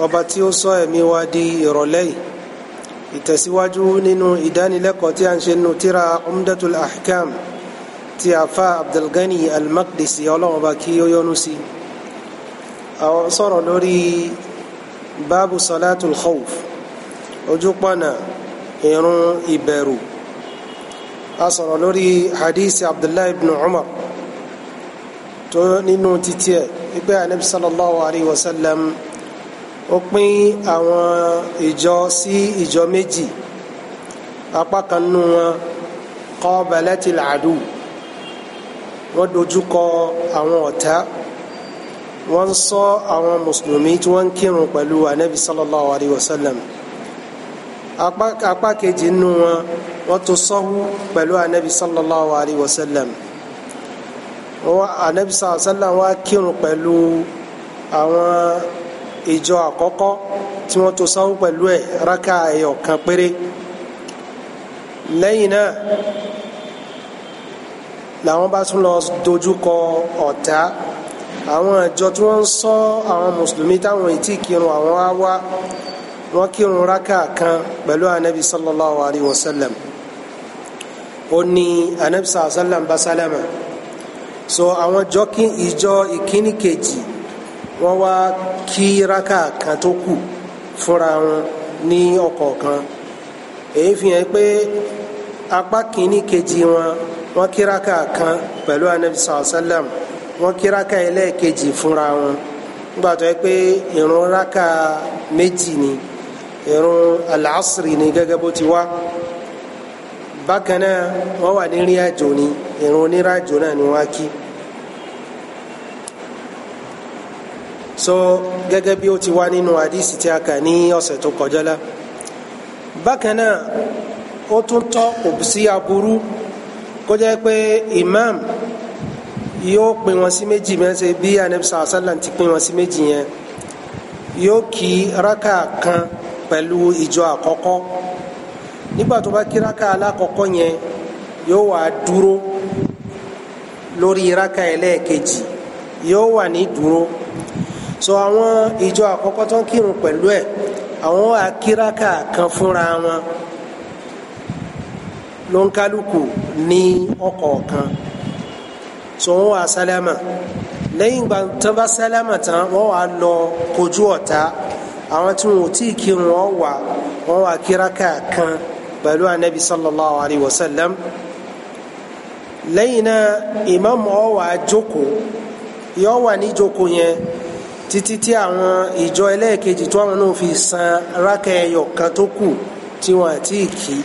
ọba tí ó sọ ẹ̀mí wa di ìrọ̀lẹ́ yìí ìtẹ̀síwájú nínú ìdánilẹ́kọ̀ọ́ tí a ń ṣe nínú tíra umdatul ahkam ti afa abdulgani almakdisi ọlọ́run ọba kí ó yọ́nú sí àwọn sọ̀rọ̀ lórí báàbù salatul khawf ojúpọ̀nà ìrun ìbẹ̀rù a sọ̀rọ̀ lórí hadisi abdullahi ibn umar tó nínú títí ẹ̀ wípé anabi sallallahu alayhi wa sallam ó pín àwọn ìjọ sí ìjọ méjì apá kan nínú wọn qabalatil adu wọ́n dojúkọ àwọn ọ̀tá wọ́n ṣọ́ àwọn mùsùlùmí tí wọ́n ń kírun pẹ̀lú anabi sallallahu alayhi wa sallam apá kejì nínú wọn wọ́n tò sọ́hú pẹ̀lú anabi sallallahu alayhi wa sallam anabi sallallahu alayhi wa sallam wá kírun pẹ̀lú àwọn ìjọ àkọ́kọ́ tí wọ́n tó sáwọn pẹ̀lú ẹ̀ rákà ẹyọ kan péré lẹ́yìn náà làwọn bá tún lọ dojúkọ ọ̀tá àwọn ìjọ tí wọ́n ń sọ àwọn mùsùlùmí táwọn ìtì kírun àwọn á wọ́n kírun rákà kan pẹ̀lú anabi sallallahu alayhi wa sallam ó ní anabi sallallahu alayhi wa sallam so àwọn ìjọ ìkíní kejì. wọ́n wá kí raka kan tó kù fúnra wọn ní kan èyí fi hàn pé apá kìíní kejì wọn wọn kí raka kan pẹ̀lú anabi sàlá wọn kí raka ẹlẹ́ẹ̀kejì fúnra wọn nígbà tó yẹ pé irun raka méjì ni irun aláàsìrì ni gẹ́gẹ́ bó ti wá bákan náà wà ní àjò ni so gẹ́gẹ́ bí ó ti wá nínú àdìsí tí a kà ní ọ̀sẹ̀ tó kọjá la bákan náà ó tún tọ́ kò aburú kó jẹ́ pé imam yóò pín wọn sí méjì mẹ́sẹ̀ bí anabisa asalan ti pín wọn sí méjì yẹn yóò kí raka kan pẹ̀lú ìjọ àkọ́kọ́ nígbà tó bá kí raka alákọ̀ọ́kọ́ yẹn yóò wá dúró lórí raka ẹlẹ́ẹ̀kejì yóò wà ní dúró so àwọn ìjọ àkọ́kọ́ tó ń kírun pẹ̀lú ẹ̀ àwọn akíraka kan fúnra wọn ló ń kálukú ní ọ̀kọ̀ọ̀kan so wọ́n wá sálámà lẹ́yìn ìgbà tó bá sálámà tán wọ́n wá lọ kojú ọ̀tá àwọn tí wọn ò tí ì kírun wọn wà wọn wà kíraka kan pẹ̀lú anabi sallallahu alayhi wa sallam lẹ́yìn náà imam ó wá jókòó yóò wà ní jókòó yẹn títí tí àwọn ìjọ ẹlẹ́ẹ̀kejì tí wọ́n náà fi san rákà ẹyọ kan tó kù tí wọ́n àti kì í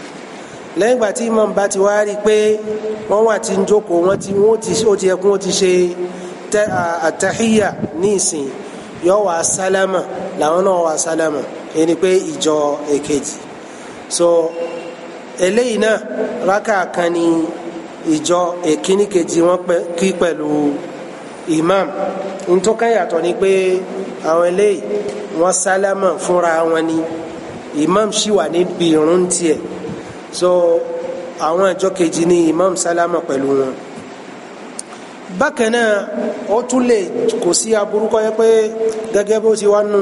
lẹ́yìn ìgbà tí imam bá ti wá rí i pé wọ́n wà tí ń jókòó wọ́n ti wọ́n ti ó ti yẹ kí wọ́n ti ṣe àtàhíyà ní ìsìn yóò wá sálámà làwọn náà wá sálámà èyí ni pé ìjọ èkejì so eléyìí náà rákà kan ni ìjọ èkíní wọn kí pẹ̀lú imam ntọ́ka yàtọ̀ ni pé àwọn eléyìí wọ́n sálámà fúnra wọn ni imam ṣì wà níbi ìrun tiẹ̀ so àwọn àjọ kejì ni imam sálámà pẹ̀lú wọn bákan náà ó tún lè kò sí aburú kọ́ yẹ pé gẹ́gẹ́ bó ti wá nu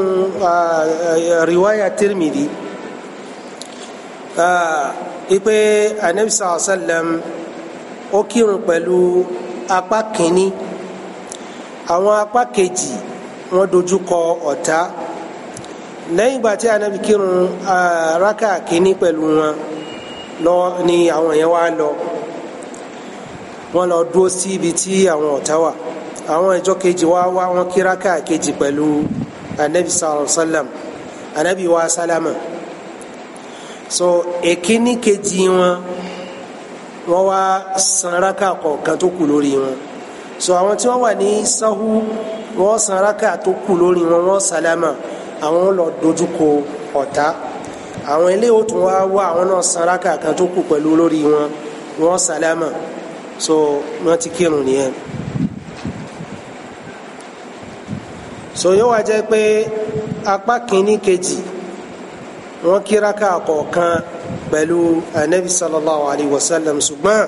riwaya Tirmidhi ipe anabi sallam ó kírun pẹ̀lú apá kìíní àwọn apá kejì wọ́n dojú kọ ọ̀tá lẹ́yìn ìgbà tí anabi kírun raka kínní pẹ̀lú wọn lọ ni àwọn yẹn wá lọ wọ́n lọ dúró sí ibi tí àwọn ọ̀tá wà àwọn ìjọ kejì wá wá wọn kí raka kejì pẹ̀lú anabi sallallahu anabi wa salama so èkínní kejì wọn wọ́n wá san raka kọ̀ọ̀kan tó kù lórí wọn so àwọn tí wọ́n wà ní sahu wọ́n saraka raka tó kù lórí wọn wọ́n salama àwọn lọ dojúkọ ọ̀tá àwọn ilé ó tún wá wá àwọn náà san kan tó kù pẹ̀lú lórí wọn wọ́n salama so wọ́n ti kírun nìyẹn. so yóò wá jẹ́ pé apá kìíní kejì wọ́n kíraka kọ̀ọ̀kan pẹ̀lú anabi sallallahu alayhi wa sallam ṣùgbọ́n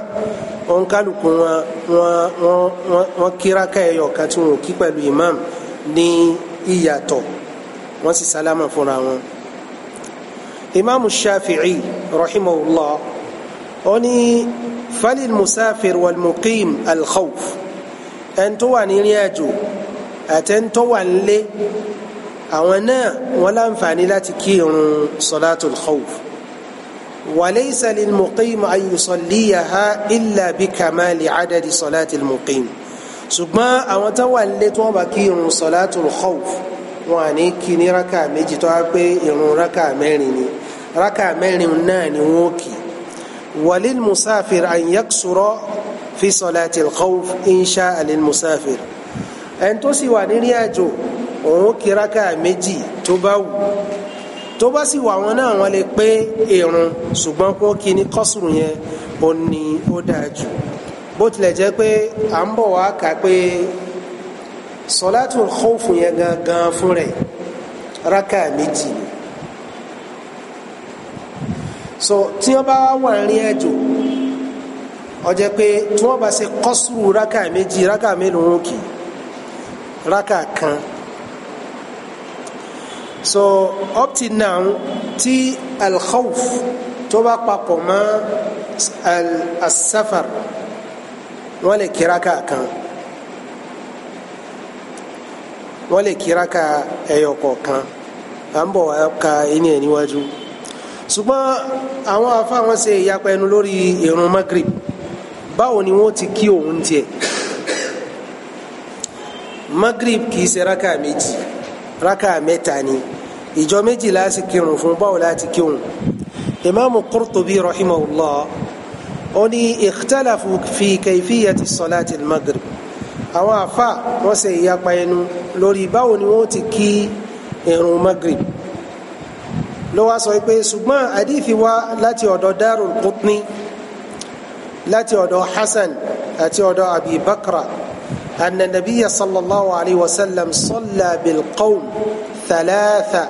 wọ́n kálukú wọn wọ́n wọ́n kíraka ẹ̀yọ̀ kan tí wọ́n kí pẹ̀lú imam ní ìyàtọ̀ wọ́n sì sálámà fúnra wọn. imam shafi'i rahimahullah ó falil musafir wal muqim al khawf ẹn tó wà ní ìrìn àjò àtẹn tó wà nílé àwọn náà wọn láǹfààní láti kírun sọlátul khawf walaysa lil muqim an yusalliyaha illa bi kamali adadi sọlátul muqim ṣùgbọ́n àwọn tó wà nílé tó wọ́n bá kírun sọlátul khawf wọn à ní kí ní rákà méjì tó wá pé irun rákà mẹ́rin ni rákà mẹ́rin náà ni wọ́n kì walil musafir fi sọlátul khawf in sha'a ẹni tó sì wà nírí àjò òun kiraka méjì tó bá wù tó bá sì wà wọn náà wọn lè pé ìrun ṣùgbọ́n kó kí ni kọ́sùrù yẹn ó ní ó dáa jù bó tilẹ̀ jẹ́ pé à ń bọ̀ wá kà pé sọlátù khawfu yẹn gangan fún rẹ̀ raka méjì ni so tí wọn bá wà rìn àjò ó jẹ́ pé tí wọn bá ṣe kọ́sùrù raka méjì raka mélòó kì raka kan so up till now tí alkhawf tó bá papọ̀ mọ́ asafar wọ́n lè kíra ká kan wọ́n lè kíra ká ẹyọ kọ̀ọ̀kan à ń bọ̀ wá ka ẹni ẹ̀ níwájú ṣùgbọ́n àwọn afa wọn ṣe ìyapa ẹnu lórí ìrun magrib báwo ni wọ́n ti kí òun tiẹ̀ magrib kì í ṣe raka méjì raka mẹ́ta ni ìjọ méjì láti kírun fún báwo láti kírun imaamu qurtubi rahimahullah ó ní ikhtalafu fi kayfiyati salati al-maghrib àwọn afa wọn ṣe ìyapa ẹnu lórí báwo ni wọn ti kí irun maghrib ló wá sọ pé ṣùgbọ́n àdìfi wá láti ọ̀dọ̀ darul qutni láti ọ̀dọ̀ hasan àti ọ̀dọ̀ abi bakra sallallahu alayhi wa sallam salla bil thalatha.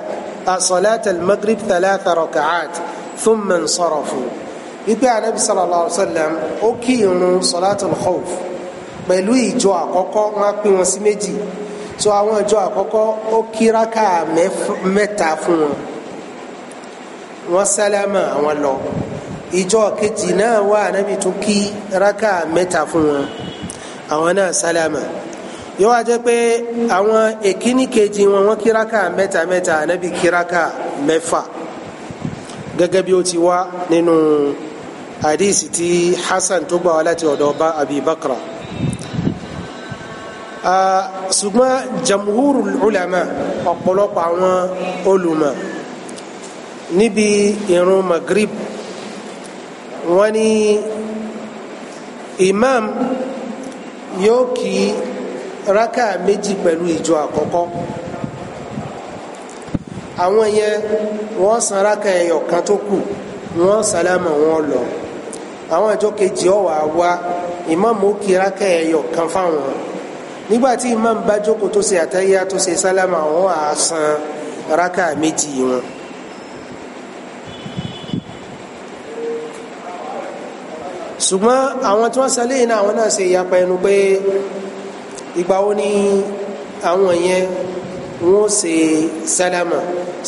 صلاة المغرب ثلاث ركعات ثم انصرفوا ipe anabi sallallahu alaihi wa sallam ó kí irun salatul khawf pẹ̀lú ìjọ àkọ́kọ́ wọ́n pín wọn sí méjì so àwọn ìjọ àkọ́kọ́ ó kí rákà mẹ́ta fún wọn wọ́n sálámà àwọn lọ ìjọ kejì náà wá anabi tó kí rákà mẹ́ta fún wọn àwọn náà sálámà yóò wá jẹ́ pé àwọn èkíní kejì wọn wọ́n kíráka mẹ́ta mẹ́ta ànábì kíráka mẹ́fà gẹ́gẹ́ bí ó ti wá nínú hadith tí Hasan tó gbà wá láti ọ̀dọ̀ ọba Abi Bakra ṣùgbọ́n jamhuru ulama ọ̀pọ̀lọpọ̀ àwọn olùmọ̀ níbi ìrun Maghrib wọ́n ní imam yóò kí rákà méjì pẹ̀lú ìjọ àkọ́kọ́ àwọn yẹn wọ́n san rákà ẹyọ kan tó kù wọ́n sálámà wọ́n lọ àwọn ìjọ kejì ọ̀wà wa ìmáàmù ó kí rákà ẹyọ kan fáwọn nígbàtí ìmáàmù bá jókòó tó ṣe àtàyà tó ṣe sálámà wọ́n á san rákà méjì wọn. ṣùgbọ́n àwọn tí wọ́n sálẹ̀ yìí náà àwọn náà ṣe ìyapa ẹnu pé ìgbà wo ni àwọn yẹn wọ́n ṣe sálámà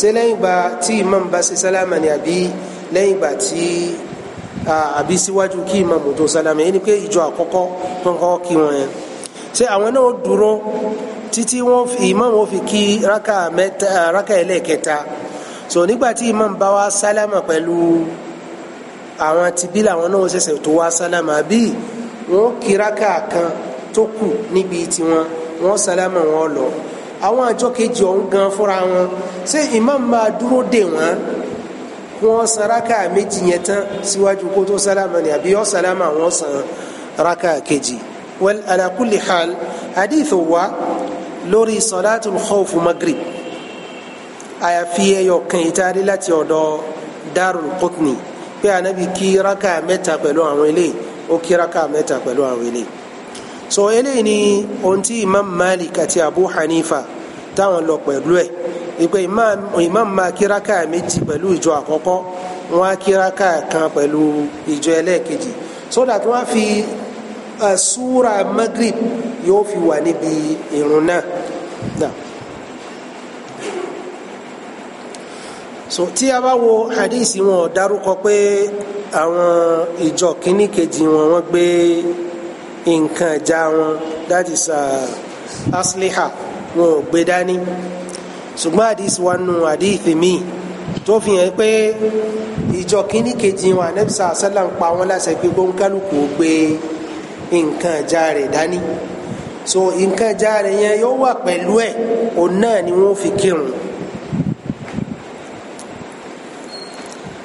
ṣe lẹ́yìn ìgbà tí imam bá ṣe sálámà ni àbí lẹ́yìn ìgbà tí àbí síwájú kí imam tó sálámà yẹn ni pé ìjọ àkọ́kọ́ wọ́n kọ́ kí wọ́n yẹn ṣe àwọn náà dúró títí wọ́n imam wọ́n fi kí raka mẹ́ta raka ẹlẹ́ẹ̀kẹta so nígbàtí imam bá wa sálámà pẹ̀lú àwọn tìbí làwọn náà ṣẹ̀ṣẹ̀ tó wá sálámà bíi wọ́n kí raka kan tó kù níbi tiwọn wọn sálámà wọn lọ àwọn àjọ kejì ọ̀hún gan fúnra wọn ṣé imam máa dúró dè wọn wọn san raka méjì yẹn tán síwájú kó tó sálámà ni àbí yọ sálámà wọn san raka kejì wal ala kulli hal hadith wa lórí salatul khawf maghrib àyàfi ẹyọ kan ìtaari láti ọ̀dọ̀ darul qutni pé anabi kí raka mẹ́ta pẹ̀lú àwọn eléyìí ó kí raka mẹ́ta pẹ̀lú àwọn eléyìí so eléyìí ni ohun tí imam malik àti abu hanifa táwọn lọ pẹ̀lú ẹ̀ ìpè imam ma kíráka méjì pẹ̀lú ìjọ àkọ́kọ́ wọn á kíráka kan pẹ̀lú ìjọ ẹlẹ́ẹ̀kejì so that wọ́n á fi súra magrib yóò fi wà níbi ìrun náà. so tí a bá wo hadith wọn dárúkọ pé àwọn ìjọ kìíní kejì wọn gbé nǹkan ìjà wọn that is uh, asliha wọn ò gbé dání ṣùgbọ́n àdìs wa nù àdìs mi tó fi hàn pé ìjọ kínní kejì wọn anabisa asálàm pa wọn láṣẹ pé gbóńkálùkù gbé nǹkan ìjà rẹ̀ dání so nǹkan ìjà rẹ̀ yẹn yóò wà pẹ̀lú ẹ̀ òun náà ni wọ́n fi kírun.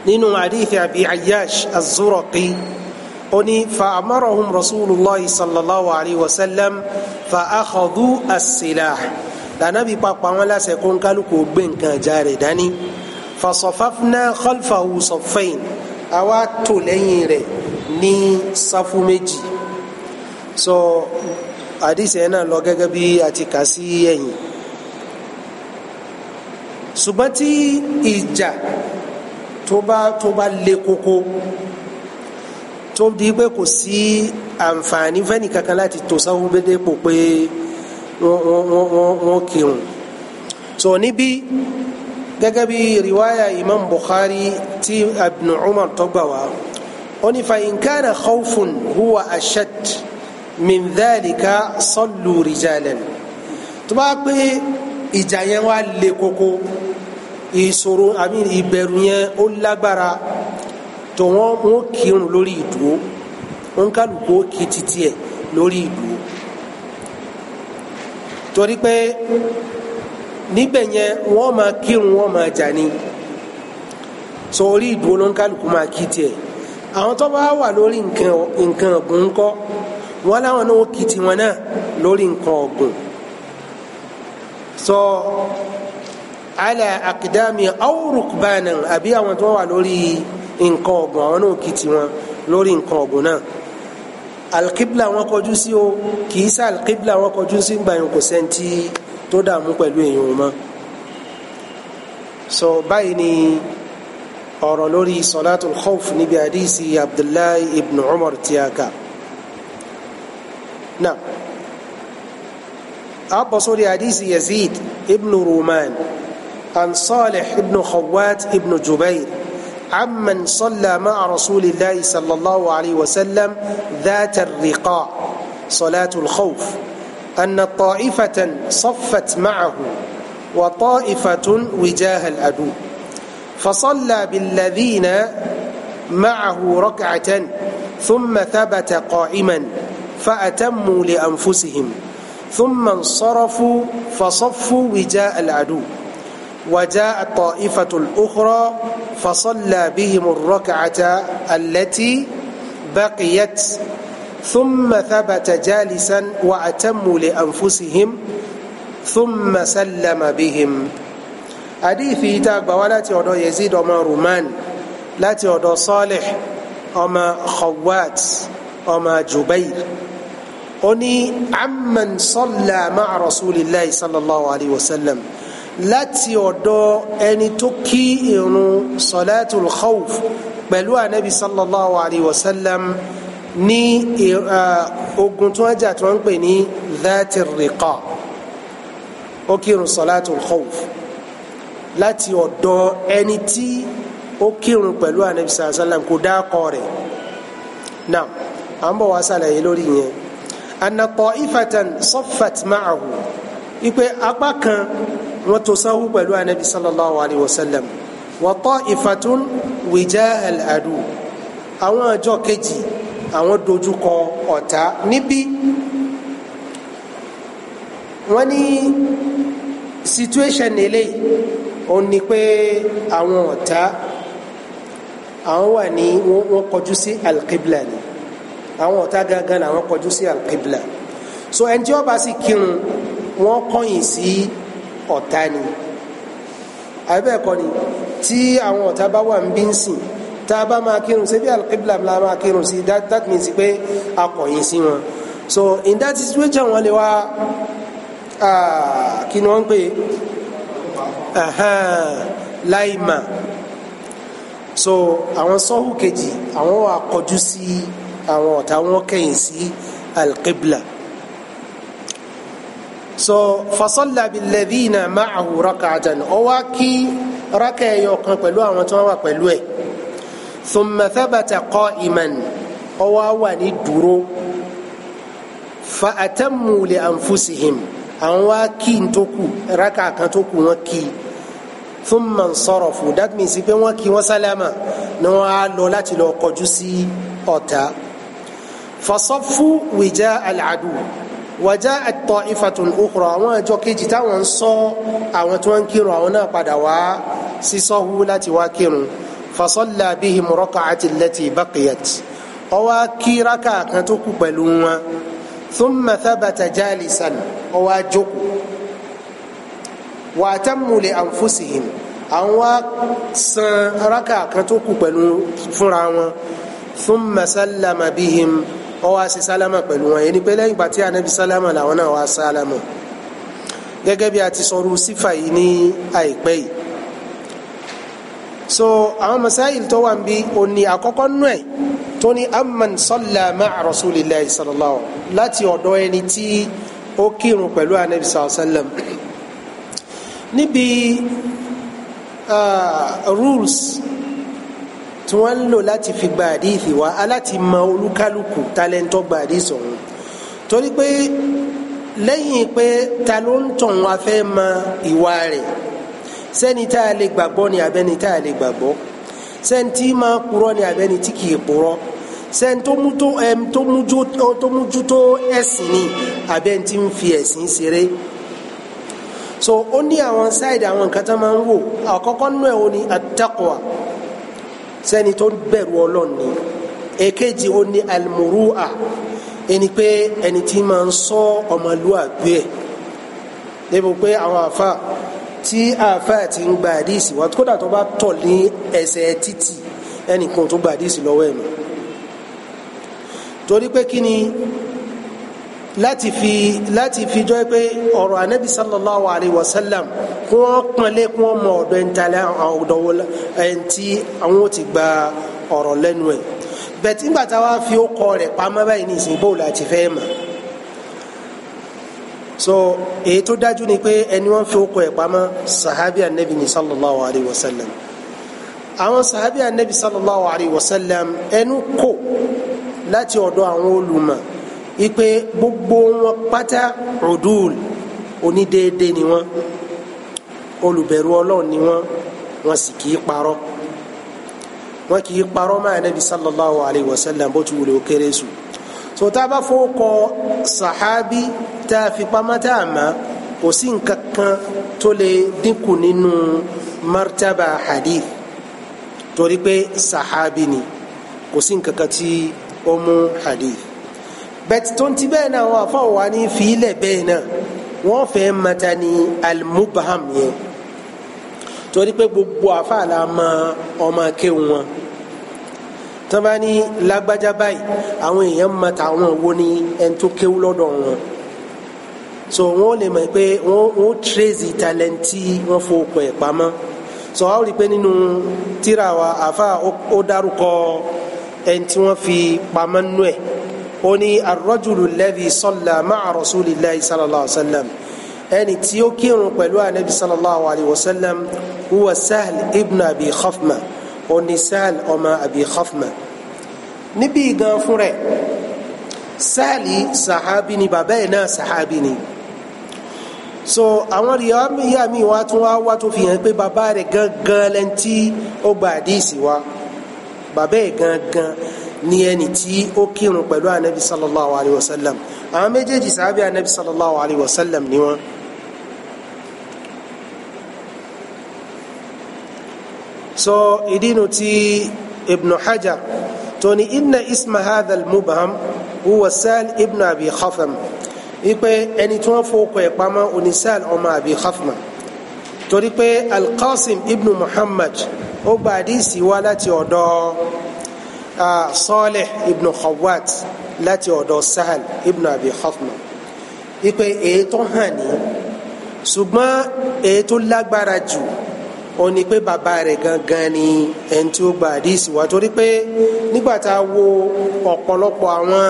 nínú àdìs àbí ayash azuraki oni fa'amarahum rasulillah sallallahu alayhi wa sallam fa'akhadhu as-silah lànàbí pàpà wọn lásẹ kó ń kálukú gbé nǹkan ìjà rẹ̀ dání fasọfáfúnà khalfahu sọfẹyìn àwa tó lẹ́yìn rẹ̀ ní sáfù méjì so àdìsẹ náà lọ gẹ́gẹ́ bí a ti kà sí ẹ̀yìn ṣùgbọ́n tí le koko tó di pé kò sí àǹfààní fẹ́ni kankan láti tò sáwọn gbẹdẹ pò pé wọ́n kírun so níbí gẹ́gẹ́ bí riwaya imam bukhari ti ibn umar tó gbà wá ó ní fa in kana khawfun huwa ashad min dhalika sallu rijalan tó bá pé ìjà yẹn wá le koko ìṣòro àmì ìbẹ̀rù yẹn ó lágbára. tó wọn wọn kírun lórí ìdúró wọn kálukú kí títí ẹ lórí ìdúró torí pé níbẹ̀ yẹn máa kírun máa jà ni sọ orí ìdúró ló ń kálukú máa kí tiẹ̀ àwọn tó bá wà lórí nǹkan ọ̀gùn ńkọ́ wọn láwọn náà kí sọ ala akidami awurukbanan àbí àwọn tó wà lórí. nǹkan ọ̀gbìn àwọn náà kì tiwọn lórí nǹkan ọ̀gbìn náà alkibla wọn kọjú sí o kì í sá alkibla wọn kọjú sí gbà yín kò sẹ́ńtì tó dààmú pẹ̀lú èèyàn mọ́ so báyìí ni ọ̀rọ̀ lórí salatul khawf níbi àdìsí abdullahi ibn umar tiaka náà abọ́ sórí àdìsí yazid ibn ruman an salih ibn khawat ibn jubair. عمن صلى مع رسول الله صلى الله عليه وسلم ذات الرقاع صلاة الخوف أن طائفة صفت معه وطائفة وجاه العدو فصلى بالذين معه ركعة ثم ثبت قائما فأتموا لأنفسهم ثم انصرفوا فصفوا وجاء العدو وجاءت طائفة الأخرى فصلى بهم الركعة التي بقيت ثم ثبت جالسا وأتموا لأنفسهم ثم سلم بهم حديثي تاغبا láti ọ̀dọ̀ يزيد وما رومان لا ọ̀dọ̀ صالح وما خوات وما جبير أني عمن صلى مع رسول الله صلى الله عليه وسلم láti ọ̀dọ̀ ẹni tó kí irun salatul khawf pẹ̀lú anabi sallallahu alayhi wa sallam ní eh, ogun tí wọ́n jà tí wọ́n ń pè ní dhati riqa ó kírun salatul khawf láti ọ̀dọ̀ ẹni tí ó kírun pẹ̀lú anabi sallallahu alayhi wa sallam kò dá kọ rẹ̀ náà à ń bọ̀ wá sàlàyé lórí yẹn anna ta'ifatan saffat ma'ahu ipe apá kan wọ́n tò sáwù pẹ̀lú anabi sallallahu alayhi wa sallam wa ta'ifatun wijah al-adu àwọn àjọ kejì àwọn dojúkọ ọ̀tá níbí wọ́n ní situation eléyìí ó ní pé àwọn ọ̀tá àwọn wà ní wọ́n kọjú sí alqibla ni àwọn ọ̀tá gangan làwọn kọjú sí alqibla so ẹni tí wọ́n bá sì kírun wọ́n kọ̀yìn sí. Si ọ̀tá ni àbẹ́ẹ̀kọ́ ni tí àwọn ọ̀tá bá wà ń bí ń sìn tá a bá máa kírun sí bí alqibla la máa kírun sí that that means pé a sí wọn so in that situation wọ́n lè wá kí ni wọ́n ń pè láìmà so àwọn sọ́hù kejì àwọn akọjú sí àwọn ọ̀tá wọn kẹ̀yìn sí alqibla so fasọ́lá bilẹ̀dínà máàhù rákàtàn ó wá kí rákà ẹyọ kan pẹ̀lú àwọn tí wọ́n wà pẹ̀lú ẹ̀ thumma thabata qa'iman ó wá wà ní dúró fa atammu li anfusihim àwọn wá kí n tó kù kan tó kù wọ́n kí thumma that means pé wọ́n kí wọ́n sálámà ni wọ́n á lọ láti lọ kọjú sí ọ̀tá fasọ́fù wìjà al wàjá ẹtọ ìfàtún òkúrọ àwọn ẹjọ kejì táwọn ń sọ àwọn tí wọn ń kírun àwọn náà padà wá sísọhú láti wá kírun fasọlá bíi mọrọkà àti lẹtì bákìyàt ọwọ kíraka kan tó kú pẹ̀lú wọn thumma thabata jalisan ọwọ àjòkù wà á tẹ́mùlẹ̀ ànfúsìhìn àwọn wá san raka kan tó kú pẹ̀lú fúnra wọn thumma sallama bíi mọrọkà ó wá sí sálámà pẹ̀lú wọn ẹni pé lẹ́yìn ìgbà tí anabi sálámà làwọn náà wá sálámà gẹ́gẹ́ bí a ti sọ̀rọ̀ sífà yìí ní àìpẹ́ yìí so àwọn masáyìl tó wà ń bí òní àkọ́kọ́ nù ẹ̀ tó ní amman salla ma'a rasulillahi láti ọ̀dọ̀ ẹni tí ó kírun pẹ̀lú anabi sallallahu níbi uh, rules tí wọ́n ń lò láti fi gba àdìsí wa aláti mọ olúkálùkù talẹ́ńtọ́ gba àdìsí ọ̀hún torí pé lẹ́yìn pé ta ló ń tàn wá fẹ́ mọ ìwà rẹ̀ sẹ́ni tá a lè gbàgbọ́ ni àbẹ́ni tá a lè gbàgbọ́ sẹ́ni tí máa purọ́ ni àbẹ́ni tí kì í purọ́ sẹ́ni tó mójútó ẹ̀sìn ni àbẹ́ni tí ń fi ẹ̀sìn ṣeré so ó ní àwọn sáìdì àwọn nǹkan tó máa ń wò àkọ́kọ́ nú ẹ̀ ó ní at sẹ́ni tó bẹ̀rù ọlọ́run ni èkejì ó ní almuru'a ẹni pé ẹni tí máa ń sọ ọmọlúwàgbé ẹ̀ débò pé àwọn àfa tí àfa ti ń gba àdìsí wa kódà tó bá tọ̀ ní ẹsẹ̀ títì ẹnìkan tó gba àdìsí lọ́wọ́ ẹ̀ nù torí pé kí ni láti fi láti fi jọ pé ọ̀rọ̀ anabi sallallahu alayhi wa sallam kí wọ́n pọ́nlé kí wọ́n mọ ọ̀dọ̀ ẹ̀ńtàlẹ́ ọ̀dọ̀wọ́ ẹ̀ńtí àwọn ò ti gba ọ̀rọ̀ lẹ́nu ẹ̀ bẹ̀tí nígbà táwa fi ó kọ rẹ̀ pamọ́ báyìí ní ìsìn bóòlù àti fẹ́ mọ̀ so èyí tó dájú ni pé ẹni wọ́n fi ó kọ ẹ̀ pamọ́ sahabi anabi ni sallallahu alayhi wa sallam àwọn sahabi anabi sallallahu alayhi wa sallam ẹnu kò láti ọ̀dọ̀ àwọn olùmọ̀ ipe gbogbo wọn pátá udul onídéédé ni wọn olùbẹ̀rù ọlọ́run ni wọn wọn sì kì í parọ́ wọn kì í parọ́ máa nabi sallallahu alayhi wa sallam bó ti wùlé ó kéré sùn so tá a bá fọwọ́ kọ sàhábí tá a fi pamọ́ tá a mọ̀ kò sí nǹkan kan tó lè dínkù nínú martaba hadith torí pé sàhábí ni kò sí nǹkan kan tí ó mú hadith bẹ́ẹ̀ tó ń ti bẹ́ẹ̀ náà wọn àfọwọ́ wa ní fìlẹ̀ bẹ́ẹ̀ náà wọ́n fẹ́ mata ní alimubaham yẹn torí pé gbogbo àfàlà ma ọmọ kéwù wọn tó bá ní lágbájá báyìí àwọn èèyàn mata àwọn wo ni ẹni kéwù lọ́dọ̀ wọn so wọn lè mọ̀ pé wọn tírèzì tàlẹ́ǹtì wọn fowópọ̀ ẹ̀ pamọ́ so àwọn rí nínú tíra wa àfa ó dárúkọ ẹni tí fi pamọ́ nú ẹ̀. E ó ní arrajulu alladhi salla ma'a rasulillahi sallallahu alayhi wa sallam ẹni tí ó kírun pẹ̀lú anabi sallallahu alayhi wa sallam huwa sahl ibn abi khafma ó ní sahl ọmọ abi khafma níbí gan fún rẹ̀ sáàlì sàhábì ni bàbá ẹ̀ náà sàhábì ni so àwọn ìyá mi wá tún wá wá tó fi hàn pé bàbá rẹ̀ gangan lẹ́ntì ó gba àdíìsì wa bàbá ẹ̀ gangan ní ẹni tí ó kírun pẹ̀lú anabi sallallahu alayhi wa sallam àwọn méjèèjì sàábì anabi sallallahu alayhi wa sallam ni wọn. so ìdínú tí ibn hajar tóní inna isma hadha al-mubham huwa sal ibn abi khafam ipe ẹni tí wọn fowókọ ẹ pamọ́ onisal ọmọ abi khafam torí pé alqasim ibn muhammad ó gba àdìsí wa láti ọ̀dọ̀. Salih ابن خوات láti ọ̀dọ̀ سهل ابن Abi Khatma ipe èyí tó hàn ní ṣùgbọ́n èyí tó lágbára jù ó ní pé bàbá rẹ̀ gangan ni ẹni tí ó gba àdísì wá torí pé nígbà tá a wo ọ̀pọ̀lọpọ̀ àwọn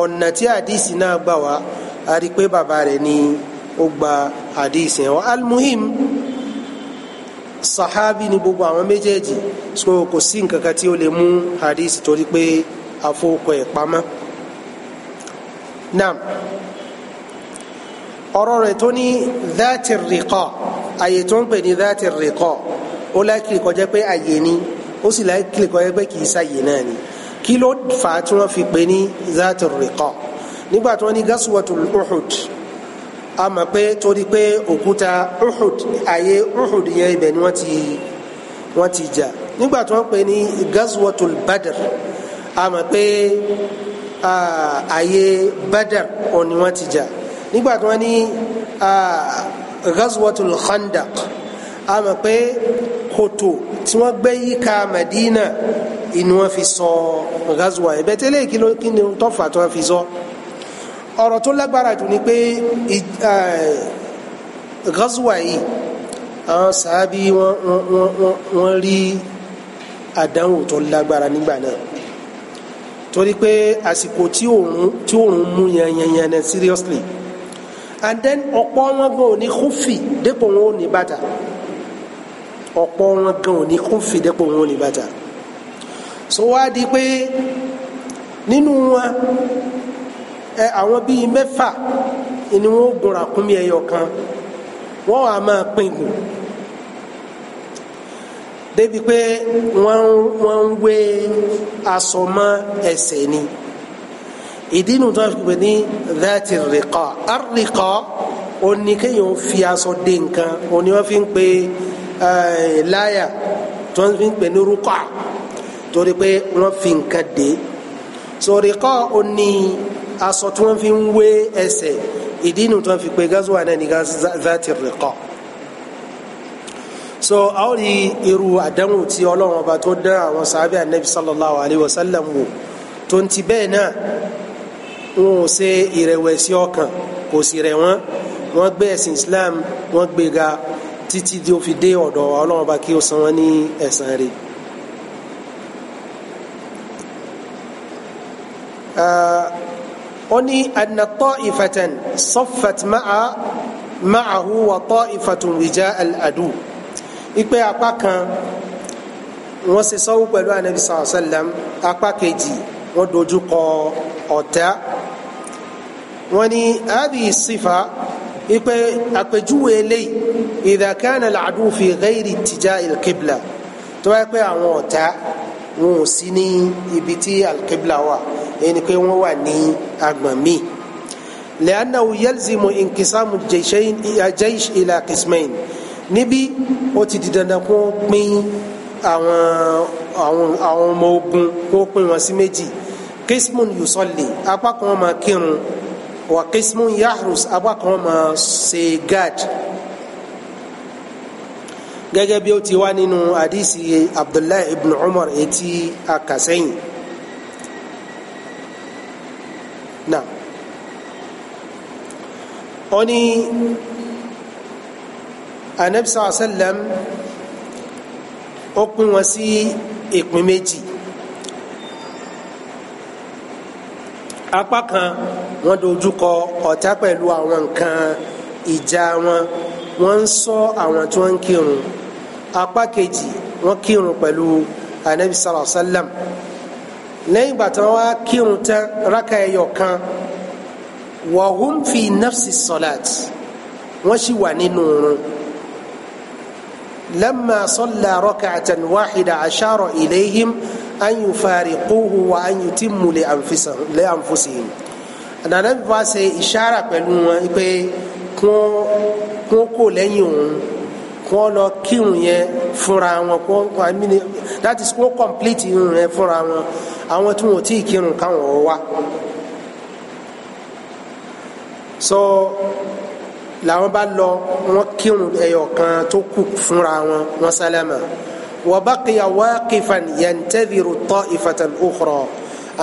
ọ̀nà tí àdísì náà gbà wá a rí i pé bàbá rẹ̀ ni ó gba àdísì yẹn wá sahabi ni gbogbo àwọn méjèèjì so kò sí nǹkan kan tí ó lè mú hadith torí pé afọwọ́kọ ẹ̀ pamọ́. naam ọ̀rọ̀ rẹ̀ tó ní dhati riqa àyè tó ń pè ní dhati riqa ó láìkiri kọjá pé àyè ni ó sì láìkiri kọjá pé kì í sàyè náà ni kí ló fà á tí wọ́n fi pè ní dhati riqa nígbà tí wọ́n ní gaswatul uhud a mọ̀ pé torí pé òkúta Uhud ayé Uhud yẹn ibẹ̀ ni wọ́n ti wọ́n ti jà nígbà tí wọ́n pè ní gazwatul Badr a mọ̀ pé ayé Badr òun ni wọ́n ti jà nígbà tí wọ́n ní gazwatul Khandaq a mọ̀ pé kòtò tí wọ́n gbẹ́ yíká Madina inú wọn fi sọ gazwa ẹ̀bẹ̀ tẹ́lẹ̀ kí ló kí ni tọ́fà tí wọ́n fi sọ. So ọ̀rọ̀ tó lágbára jù ni pé ghazwa yìí àwọn sàábí wọ́n rí àdánwò tó lágbára nígbà náà torí pé àsìkò tí òòrùn tí òòrùn mú yanyanyan náà seriously and then ọ̀pọ̀ wọn gan ò ní kúfì dépò wọn ò ní bàtà ọ̀pọ̀ wọn gan ò ní kúfì dépò wọn ò ní bàtà so wá di pé nínú wọn ẹ àwọn bíi mẹ́fà ni wọ́n gun ràkúnmí ẹyọ kan wọ́n wàá máa pín gùn débi pé wọ́n wọ́n ń wé aṣọ mọ́ ẹsẹ̀ ni ìdí nu tó ń pè ní láti rìkọ́ àríkọ́ òní kéèyàn fi aṣọ dé nǹkan òní wọ́n fi ń pè láyà tó ń fi ń pè ní rúkọ́ torí pé wọ́n fi nǹkan dé sọ̀rìkọ́ òní aṣọ tí wọ́n fi ń wé ẹsẹ̀ ìdí inú tí wọ́n fi pe gazuwa náà ní zati riqa so a ó rí irú àdánwò tí ọlọ́run ọba tó dán àwọn sàábẹ́ anabi sallallahu alayhi wa sallam wò tó ń ti bẹ́ẹ̀ náà wọn ò ṣe ìrẹ̀wẹ̀sì ọkàn kò sì rẹ̀ wọ́n wọ́n gbé ẹ̀sìn islam wọ́n gbé ga títí tí ó fi dé ọ̀dọ̀ ọlọ́run ọba kí ó san wọ́n ní ẹ̀san rẹ̀. Uh, ó ní anna ta'ifatan saffat ma'a ma'ahu wa ta'ifatun rija al-adu ipe apá kan wọ́n ṣe sọ́wọ́ pẹ̀lú anabi sallallahu alayhi wa sallam apá kejì wọ́n dojú kọ ọ̀tá wọ́n ní àbí sífà ipe àpèjúwe eléyìí idha kana al-adu fi ghayri ittija' al tó bá pé àwọn ọ̀tá wọn ò sí ní ibi tí al-qibla wà ẹni pé wọ́n wà ní agbọ̀n míì lẹ́yìnáwó yẹ́lzimu inkisamu jaysh ila kismain níbi ó ti di dandan kó pín àwọn àwọn àwọn ọmọ ogun kó pín wọn sí méjì kismun yusalli apá kan wọn máa kírun wa kismun yahrus apá kan wọn máa ṣe gad gẹ́gẹ́ bí ó ti wá nínú àdìsí abdullahi ibn umar etí akasẹ́yìn. wọ́n ní anabisa asalam ó pín wọn sí ìpín méjì apá kan wọ́n dojú kọ ọ̀tá pẹ̀lú àwọn nǹkan ìjà wọn wọ́n ń ṣọ́ àwọn tí wọ́n ń kírun apá kejì wọ́n kírun pẹ̀lú anabi sallallahu alayhi wa sallam kírun tán rákà ẹyọ kan wa hum fi nafsi salat wọ́n sì wà nínú oorun lamma salla raka'atan wahida ashara ilayhim an yufariquhu wa an yutimmu li anfusihim ànàdà bí wọ́n ṣe ìṣára pẹ̀lú wọn pé kún kò lẹ́yìn òun kún lọ kírun yẹn fúnra wọn kún that is kún complete irun yẹn fúnra wọn àwọn tí wọn ò tí ì kírun káwọn wá so làwọn bá lọ wọn kírun ẹyọ kan tó kù fúnra wọn wọn sálámà wa baqiya waqifan yantadhiru ta'ifatan ukhra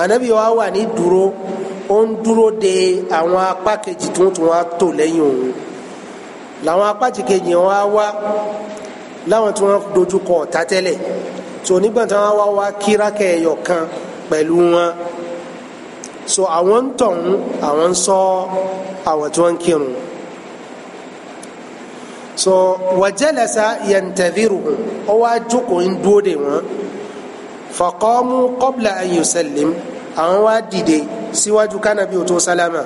ànábì wa wà ní dúró ó ń dúró de àwọn apá kejì tó tún wá tò lẹ́yìn òun làwọn apá kejì wọn á wá láwọn tí wọn dojú kọ ọ̀tá tẹ́lẹ̀ tó nígbà tí wọn wá wá kírákẹ́ ẹyọ kan pẹ̀lú wọn so àwọn ń tọ̀hún àwọn ń sọ àwọn tí ń kírun so wàjẹ́lẹ̀sà yẹntẹ̀dìrù ó wá jókòó ń dúró de wọn faqamu qabla an yusallim àwọn wá dìde síwájú kánábì ó tó sálámà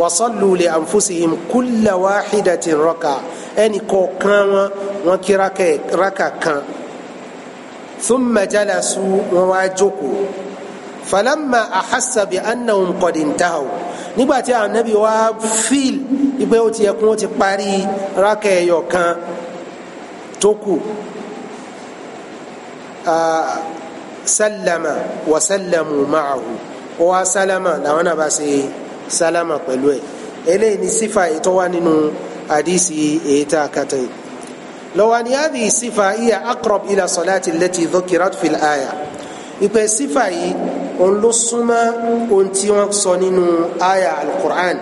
wa sallu li anfusihim kulla wahidatin ẹnì kọ̀ọ̀kan wọn wọn kí raka kan thumma jalasu wọn wá jókòó falamma ahassa bi annahum qad intahaw nígbà tí àwọn nabi wa fíl ipe ó ti yẹ kún ó ti parí rákà ẹyọ kan tó kù sallama wa sallamu ma'ahu ó wá sálámà làwọn náà bá ṣe sálámà pẹ̀lú ẹ̀ eléyìí ni sífà ètò wà nínú àdìsí èyí tá a kàtà yìí lọ́wọ́ ni hadhihi sífà hiya aqrab ila fil aya ìpè sífà yìí òun ló súnmọ́ ohun tí wọ́n sọ nínú àyà alukur'an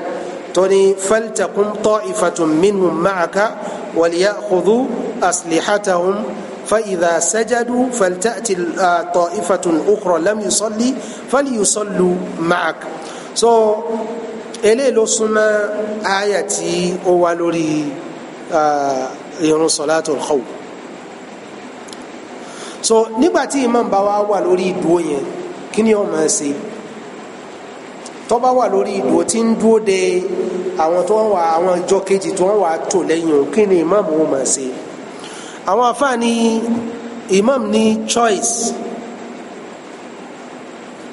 tóní faltakun ta'ifatun minhum ma'aka waliya'khudhu aslihatahum fa'idha sajadu falta'ti ta'ifatun ukhra lam yusalli falyusallu ma'ak so eléyìí ló súnmọ́ àyà tí ó wà lórí uh, irun salatul khawf so nígbà tí imam bá wa wà lórí ìdúró yẹn kí ni ó máa ṣe tó wà lórí ìdúró tí ń dúró de àwọn tó wà àwọn ìjọ kejì tó wà tò lẹ́yìn o kí ni imam ó máa ṣe àwọn afáàní imam ni choice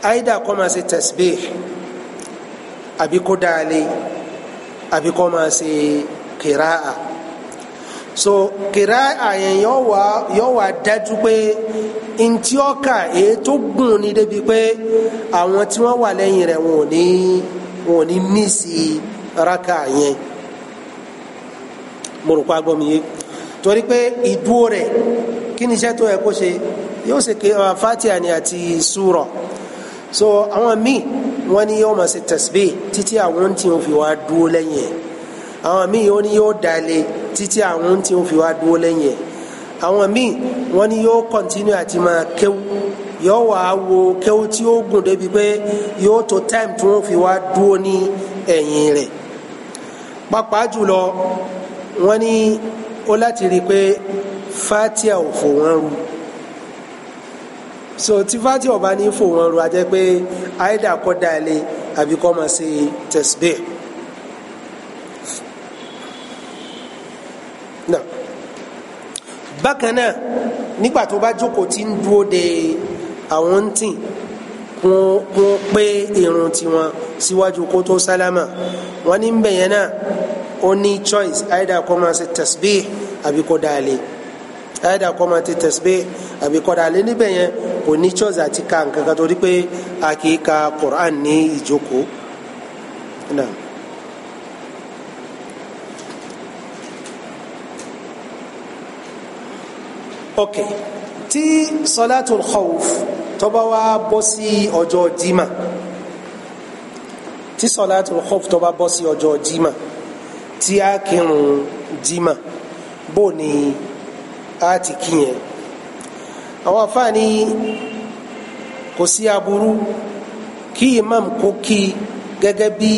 aida kó máa ṣe tasbih àbí kó dáa máa ṣe kìráà so kìrá àyàn yóò wá yóò wá dájú pé ntí ọkà èyí tó gùn ní débi pé àwọn tí wọ́n wà lẹ́yìn rẹ̀ wọ́n ò ní wọ́n ò ní mísì raka yẹn mo rò pa gbọ́ mi yé torí pé ìdúró rẹ̀ kí ni iṣẹ́ tó yẹ kó ṣe yóò ṣe ké uh, fatia ni àti sùrọ̀ so àwọn míì wọ́n ní yóò máa ṣe tasbih títí àwọn tí wọ́n fi wá dúró lẹ́yìn àwọn míì wọ́n ní yóò dalẹ̀ títí àwọn tí wọ́n fi wá dúró lẹ́yìn ẹ̀ àwọn míì wọ́n ní yóò kọ́ntínú àti máa kéwú yóò wá wo kéwú tí ó gùn débi pé yóò tó táìm tí wọ́n fi wá dúró ní ẹ̀yìn rẹ̀ pàápàá jùlọ wọ́n ní ó láti rí i pé fatia ò fò wọ́n ru so tí fatia ò bá ní fò wọ́n ru a jẹ́ pé àìdá kọ́ da ẹ̀ lé àbí kọ́ máa ṣe tẹ̀síbẹ́ẹ̀. náà bákan náà nígbà tó bá jókòó tí ń dúró de àwọn ń tì wọ́n pé irun tiwọn síwájú kó tó sálámà wọ́n ní bẹ̀yẹn náà ó ní choice either kó máa ṣe tasbih àbí kó dàlẹ́ ẹ̀ẹ́dà kọ́ máa ti tasbih àbí kọ́dà lé níbẹ̀ yẹn kò ní chọ́ọ̀sì àti ka nǹkan kan torí pé a kì í ka Qur'an ní ìjókòó. ok tí sọlátùl khawf tó bá wá bọ́ sí ọjọ́ jimá tí sọlátùl khawf tó bá bọ́ sí ọjọ́ jimá tí a kírun jimá bó ni a ti kíyẹn àwọn afáàní kò sí aburú kí imam kó kí gẹ́gẹ́ bí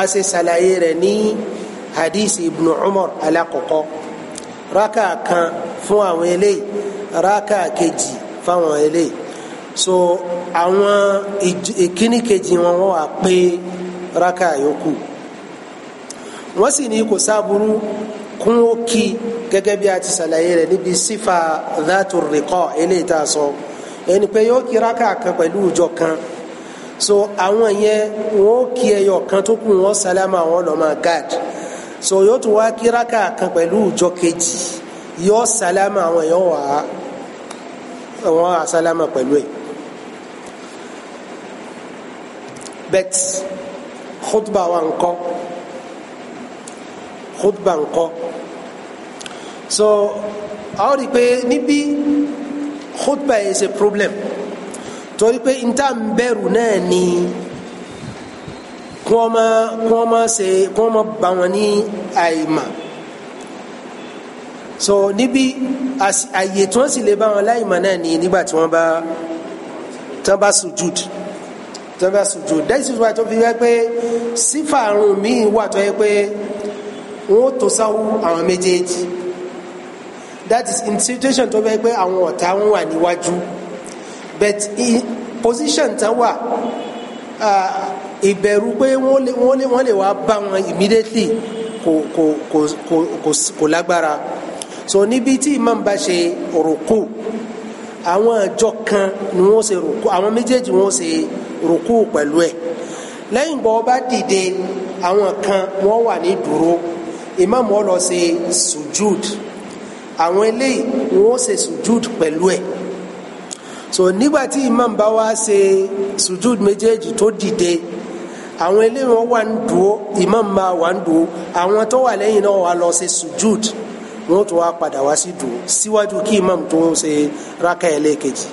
a ṣe ṣàlàyé rẹ̀ ní hadith ibn umar alakọ̀kọ́. Raka kan fún àwọn eléyìí rákà kejì fáwọn eléyìí so àwọn ìkíní kejì wọn wọn wà pé rákà yòókù wọ́n sì ní kò sábúrú kún ó kí gẹ́gẹ́ bí a ti ṣàlàyé rẹ̀ níbi sífà dhatu rìkọ́ eléyìí tá a sọ ẹni pé yóò kí rákà kan pẹ̀lú ìjọ kan so àwọn yẹn wọn ó kí ẹyọ kan tó kù wọn sálámà wọn lọ máa gáàdì so yóò tún wá kíráka kan pẹ̀lú ìjọ kejì yóò salama àwọn èèyàn wà á àwọn àsálámà pẹ̀lú ẹ̀ bet khutba wa ńkọ́ khutba ńkọ́ so a rí pé níbí khutba yẹn ṣe problem torí pé n ta bẹ̀rù náà ni kún ọmọ kún ọmọ ṣe kún so níbi àyè tí wọn sì lè bá wọn láìmà náà ni nígbà tí wọn bá tí wọn bá sujud tí wọn bá sujud dẹ́sí wa tó fi wá pé sífà àrùn míì wà tó yẹ pé wọn ó tó sáwù àwọn méjèèjì that is in situation tó fẹ́ pé àwọn ọ̀tá wọn wà níwájú but in position tán wà. Uh, ìbẹ̀rù pé wọ́n lè wọ́n lè wá bá wọn immediately kò kò kò kò kò kò lágbára so níbi tí imam bá ṣe rùkú àwọn àjọ kan ni wọ́n ṣe rùkú àwọn méjèèjì wọ́n ṣe rùkú pẹ̀lú ẹ̀ lẹ́yìn gbọ́ bá dìde àwọn kan wọ́n wà ní dúró imam wọ́n lọ ṣe sujud àwọn eléyìí wọ́n ṣe sujud pẹ̀lú ẹ̀ so nígbà tí imam bá wá ṣe sujud méjèèjì tó dìde àwọn eléyìí wọn wà ń dúó imam máa wà ń dúó àwọn tó wà lẹ́yìn náà wà lọ ṣe sujud wọn tó wá padà wá sí dúó síwájú kí imam tó ń ṣe rákà ẹlẹ́ẹ̀kejì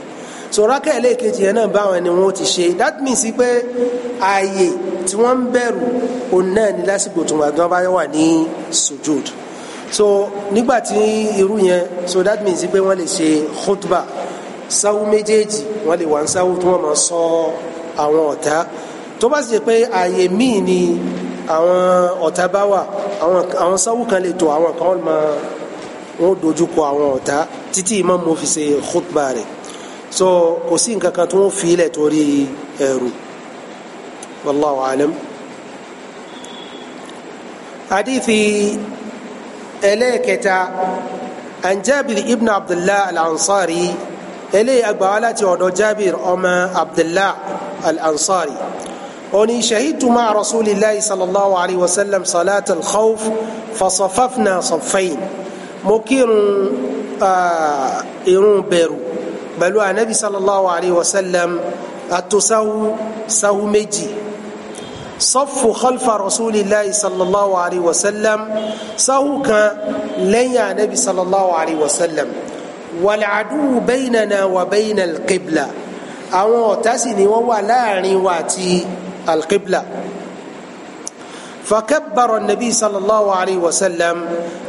so rákà ẹlẹ́ẹ̀kejì yẹn náà báwọn ni wọn ti ṣe that means pé ààyè tí wọ́n ń bẹ̀rù òun náà ni lásìkò tó wà gan bá wà ní sujud so nígbà tí irú yẹn so that means pé wọ́n lè ṣe khutba sáwù méjèèjì wọ́n lè wà ń sáwù tí wọ́n máa sọ àwọn ọ̀tá. So, tó bá sì jẹ́ pé ààyè míì ni àwọn ọ̀tá bá wà àwọn sáwù kan lè tó àwọn kan máa wọn dojú kọ àwọn ọ̀tá títí imam mo fi ṣe khutba rẹ̀ so kò sí nǹkan kan tó ń fi ilẹ̀ torí ẹ̀rù wallahu alam. hadithi ẹlẹ́ẹ̀kẹta an jabir ibn abdullah al-ansari eléyìí agbawalá ti ọ̀dọ̀ jabir ọmọ abdullah al-ansari oni shahidu ma rasulillahi sallallahu alayhi wa sallam salat alkhawf fasafafna safain mo kírun irun bẹ̀rù pẹ̀lú anabi sallallahu alayhi wa sallam atosahu sahu méjì sọfù khalfa rasulillahi sallallahu alayhi wa sallam sahu kan lẹ́yìn anabi sallallahu alayhi wa sallam wàlàdú baynana wà baynal qibla àwọn ọ̀tá sì ni wọ́n wà láàrin wa àti. القبلة فكبر النبي صلى الله عليه وسلم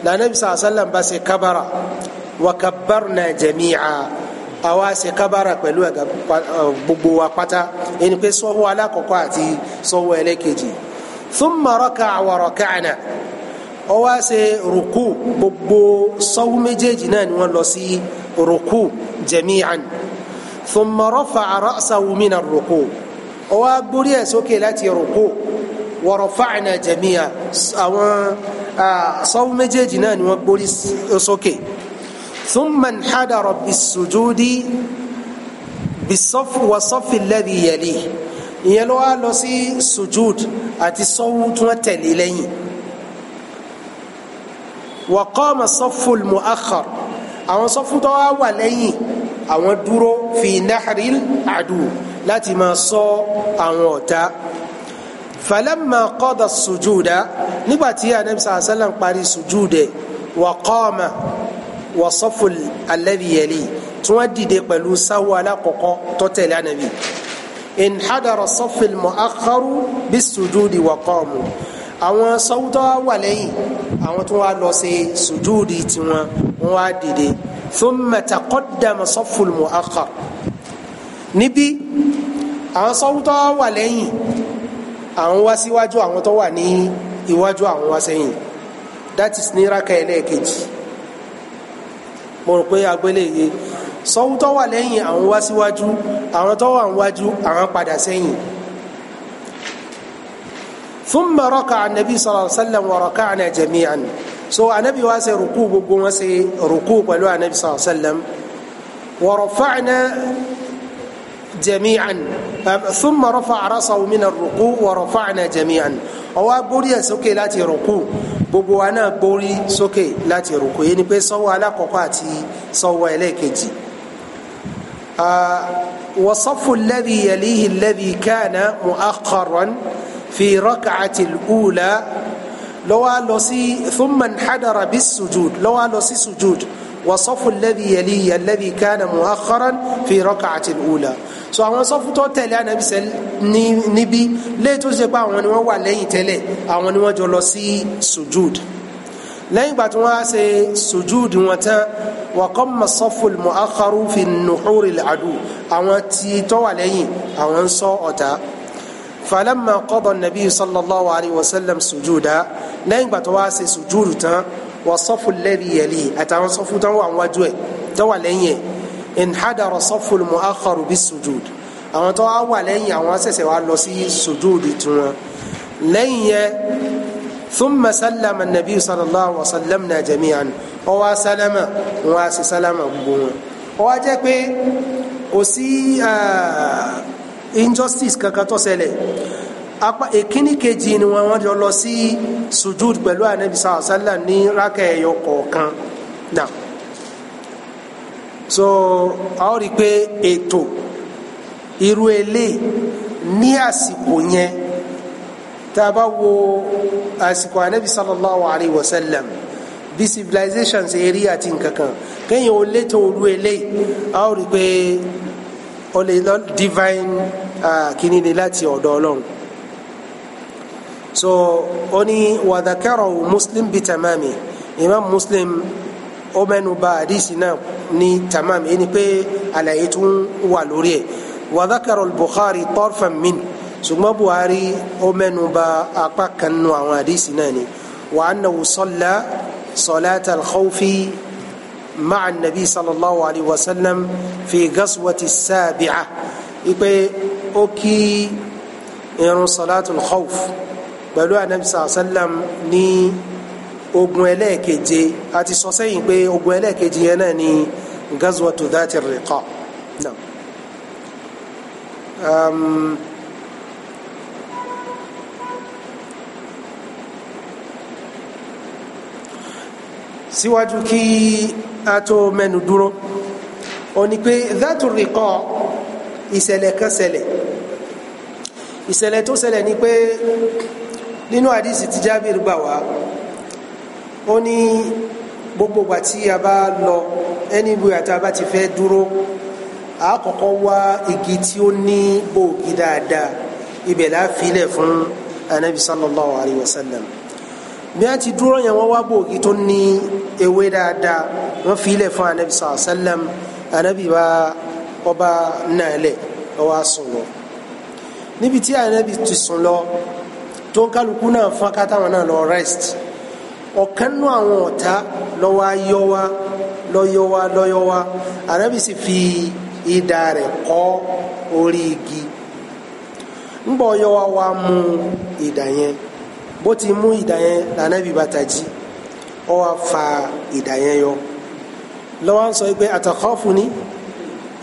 لا النبي صلى الله عليه وسلم بس كبر وكبرنا جميعا awase kabara pẹ̀lú ẹga gbogbo wa pátá ẹni pé sọwọ alákọ̀ọ́kọ́ àti sọwọ ẹlẹ́kejì thumma raka wa raka'na ọwase ruku gbogbo sọwọ méjèèjì náà ni wọn lọ sí ruku jami'an thumma rafa'a ra'sahu ruku ó wá gbórí ẹ̀ sókè láti rùkú wa rafa'na jami'a àwọn sọ́wọ́ méjèèjì náà ni wọ́n gbórí sókè thumma nhadara bis-sujudi bis-saffi was ìyẹn ló wá lọ sí sujud àti sọ́wọ́ tí wọ́n tẹ̀lé lẹ́yìn wa qama àwọn sọ́fúntọ́ wa wà lẹ́yìn àwọn dúró fi nahril adu láti máa ṣọ́ àwọn ọ̀tá falamma qada sujuda nígbà tí anabi sàlám parí sujúdẹ wa qama wa sọ́fù alladhi yali tí wọ́n dìde pẹ̀lú sáwọ́ alákọ̀ọ́kọ́ tó tẹ̀lé anabi in hadara sọ́fù al mu'akhkharu bis sujudi wa qamu àwọn sáwùtọ́ wà lẹ́yìn àwọn tó wá lọ ṣe sùjúùdì tiwọn wọn wá dìde thumma taqaddama safful mu'akhkhar níbí àwọn sáwùtọ́ wà lẹ́yìn àwọn wá síwájú àwọn tó wà ní iwájú àwọn wá sẹ́yìn that is ní raka ẹlẹ́ẹ̀kejì mo rò pé agbélé yìí wà lẹ́yìn àwọn wá síwájú àwọn tó wà níwájú àwọn padà sẹ́yìn. ثم ركع النبي صلى الله عليه وسلم وركعنا جميعا سو النبي واسي ركوب واسي ركوب ولو النبي صلى الله عليه وسلم ورفعنا جميعا ثم رفع رأسه من الركوع ورفعنا جميعا أو بوري سوكي لاتي ركوع gbogbo wa náà gbórí sókè láti rúkú yìí ni pé sọ́wọ́ alákọ̀ọ́kọ́ àti sọ́wọ́ وصف الذي يليه الذي كان مؤخرا fi raka'ati al-ula lọ́wọ́ lọ sí thumma hadara bi sujud lọ́wọ́ lọ sí sujud wa safu alladhi yalihi alladhi kana mu'akhkharan fi raka'ati al-ula so àwọn sọ́fù tó tẹ̀lé anabi sẹ́ níbí léyìí tó ṣe pé àwọn ni wọ́n wà lẹ́yìn tẹ́lẹ̀ àwọn ni wọ́n jọ lọ sí sujud lẹ́yìn ìgbà tí wọ́n á ṣe sujud wọn tán wa qamma safu al-mu'akhkharu fi nuhuri al àwọn tí tó wà lẹ́yìn àwọn ń ṣọ́ ọ̀tá falamma qada nabi sallallahu alayhi wa sallam sujuda lẹ́yìn gbàtọ́ wá ṣe sujudu tán wà sọ́fù alladhi yali àtàwọn sọ́fù tán wà wájú ẹ̀ tó wà lẹ́yìn ẹ̀ inhadara sọ́fù al-mu'akhkharu bis sujud àwọn tó wà lẹ́yìn àwọn ṣẹ̀ṣẹ̀ wá lọ sí sujudu tiwọn lẹ́yìn yẹn thumma sallama nabi sallallahu alayhi wa sallam na jami'an ó wá sálámà wọn á sì sálámà gbogbo wọn ó wá jẹ́ pé kò sí injustice kankan tó ṣẹlẹ̀ apá èkíní kejì ni wọn wọn lọ sí sujud pẹ̀lú anabi sàlá ní rákà ẹyọ kọ̀ọ̀kan náà so a rí i pé ètò irú eléyìí ní àsìkò yẹn tá a bá wo àsìkò anabi sallallahu alayhi wa sallam bí civilization ṣe rí àti nkankan kéèyàn ó létò olú eléyìí a rí i pé ó lè lọ divine. Ah, kíní ni láti ọ̀dọ̀ ọlọ́run so ó ní wàdàkẹ́rọ̀ muslim bíi tamami imam muslim ó mẹ́nu bà àdìsí náà ní tamami ẹni pé àlàyé tún wà lórí ẹ̀ wàdàkẹ́rọ̀ bukhari tọ́fà min ṣùgbọ́n buhari ó mẹ́nu bà apá kan nu àwọn àdìsí náà ni wa annahu salla salata al-khawfi ma'a an sallallahu alayhi wa sallam fi gaswati as-sabi'ah ipe ó kí irun salatul khawf pẹ̀lú anamisa asalam ní ogun ẹlẹ́ẹ̀keje àti sọ sẹ́yìn pé ogun ẹlẹ́ẹ̀keje yẹn náà ni gazwatu dhati riqa náà. Um, síwájú kí a tó mẹ́nu dúró ó ní pé dhatu riqa ìṣẹ̀lẹ̀ kan ṣẹlẹ̀ ìṣẹ̀lẹ̀ tó ṣẹlẹ̀ ni pé nínú àdìsí tí Jábìrì gbà wá ó ní gbogbo ìgbà tí a bá lọ ẹni ibi àti ti fẹ́ dúró a kọ́kọ́ wá igi tí ó ní bòògì dáadáa ibẹ̀ la fún anabi sallallahu alayhi wa sallam bí a ti dúró yẹn wọ́n wá bòògì tó ní ewé dáadáa wọ́n filẹ̀ fún anabi sallallahu alayhi wa sallam anabi bá ọba náà lẹ̀ ọwọ́ àsùnwọ̀n níbi tí ànábì ti sùn lọ tó ń kálukú náà fún akátáwọn náà lọ rest ọ̀kan nú àwọn ọ̀tá lọ́wọ́ ayọ́wá lọ́yọ́wá lọ́yọ́wá ànábì sì fi idà rẹ̀ kọ́ orí igi ńgbọ́ yọ́wá wa mú idà yẹn bó ti mú idà yẹn lànàbì bàtà ọ wá fa idà yẹn yọ lọ́wọ́ ń sọ pé àtàkọ́ fún ni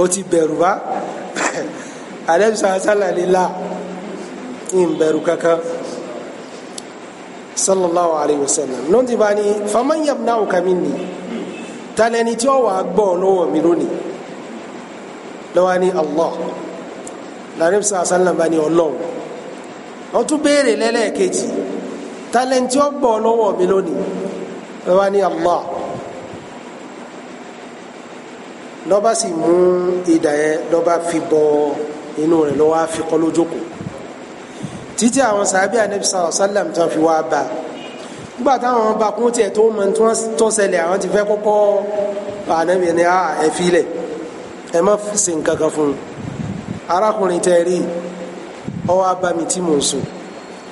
ó ti bẹ̀rù bá ànábì sọ àṣálà lílà ìbẹ̀rù kankan sallallahu alayhi wa sallam lóńtì bá ní faman yamna'uka minni tàlẹ́ni tí ó wà gbọ́ lọ́wọ́ mi lónìí lọ́wọ́ ní allah lànàbí sàlám bá ní ọlọ́run wọ́n tún béèrè lẹ́lẹ́ẹ̀kejì tàlẹ́ni tí ó gbọ́ lọ́wọ́ mi lónìí lọ́wọ́ allah lọ́ba sì mú idà yẹn lọ́ba fi bọ inú rẹ̀ lọ́wọ́ fi kọ́ lójókòó títí àwọn sàbí anabi sàlọ sàlẹm tán fi wá bá nígbà táwọn bá kún tiẹ̀ tó mọ tó ṣẹlẹ̀ àwọn ti fẹ́ kọ́kọ́ anabi ni a ẹ filẹ̀ ẹ má ṣe nǹkan kan fún un arákùnrin tẹ rí ó wá bá tí mò ń sùn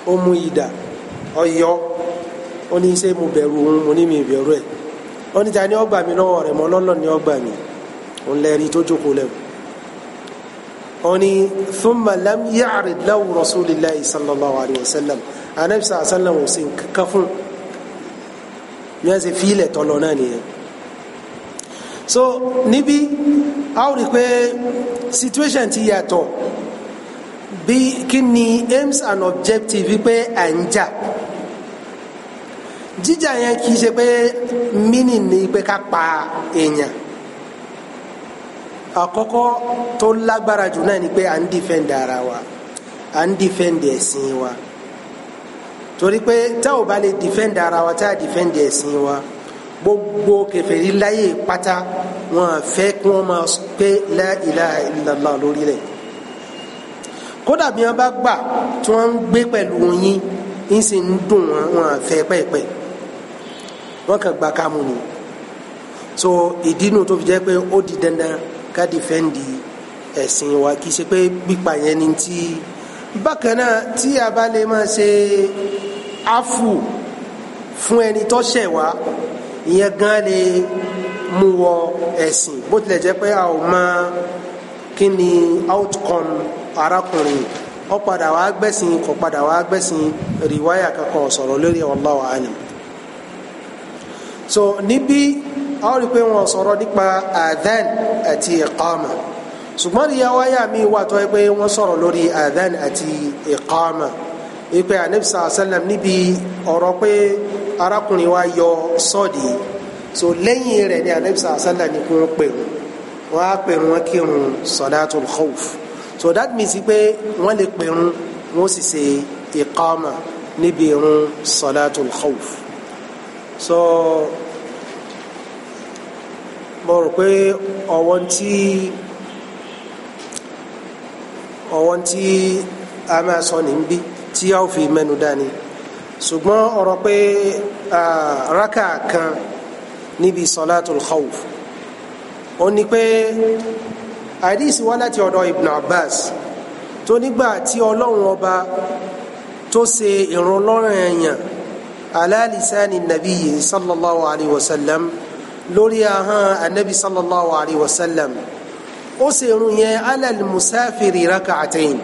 ó mú idà ọyọ ó ní ṣé mo bẹ̀rù òun mo ní mi bẹ̀rù ẹ̀ ó ní ta ni ó gbà mí lọ́wọ́ rẹ̀ mọ́ ni ó gbà mí òun lẹ́rìí tó jókòó lẹ́wọ̀ oni thumma lam ya'rid lahu rasulillahi sallallahu alayhi wa sallam anabi sallallahu alayhi wa sallam ò sí kankan fún ní a ṣe so níbi a ó rí i pé situation ti yàtọ̀ bí kí aims and objective wípé à ń jà jíjà yẹn kì í ṣe pé ni pé ká pa èèyàn àkọ́kọ́ tó lágbára jù náà ni pé à ń dìfẹ́ǹdì ara wa à ń dìfẹ́ǹdì ẹ̀sìn wa torí pé tá ò bá lè dìfẹ́ǹdì ara wa tá à dìfẹ́ǹdì ẹ̀sìn wa gbogbo kèfèrí láyé pátá wọn fẹ́ kí wọ́n máa pé la ilaha illallah lórí rẹ̀ kódà bí wọ́n bá gbà tí wọ́n ń gbé pẹ̀lú yín ń sì ń dùn wọn wọn fẹ́ pẹ́ẹ́pẹ́ẹ́ wọ́n kàn gba kámú ni so ìdí nu tó fi jẹ́ pé ó di dandan ká dìfẹ́ǹdì ẹ̀sìn wa kì í ṣe pé pípa yẹn ni ti bákan náà tí a bá lè máa ṣe áfù fún ẹni tó ṣẹ̀ wá ìyẹn gan lè mú wọ ẹ̀sìn bó tilẹ̀ jẹ́ pé a ò mọ kí ni outcome arákùnrin ó padà wá gbẹ̀sìn kò padà wá gbẹ̀sìn rìwáyà kankan sọ̀rọ̀ lórí wallahu alim so níbí a ó rí i pé wọ́n sọ̀rọ̀ nípa adhan àti iqama ṣùgbọ́n ìyá wáyà mi wà tó yẹ pé wọ́n sọ̀rọ̀ lórí adhan àti iqama ìpè anabisa asalam níbi ọ̀rọ̀ pé arákùnrin wa yọ sọ́ọ̀dì so lẹ́yìn rẹ̀ ni anabisa asalam ni pè wọ́n wọ́n á pè wọ́n kírun salatul khawf so that means pé wọ́n lè pè wọ́n wọ́n sì ṣe iqama níbi irun salatul khawf so mo rò pé ọwọ́ tí ọwọ́ tí a máa sọ ní bí tí a ó fi mẹ́nu dání ṣùgbọ́n ọ̀rọ̀ pé rákà kan níbi salatul khawf ó ní pé àdìsí wá láti ọ̀dọ̀ Ibn Abbas tó nígbà tí ọlọ́run ọba tó ṣe ìrànlọ́rùn ẹ̀yàn ala lisani nabiyyi sallallahu alayhi wa sallam lórí ahọ́n anabi sallallahu alayhi wa sallam ó ṣe irun yẹn alal musafiri raka'atayn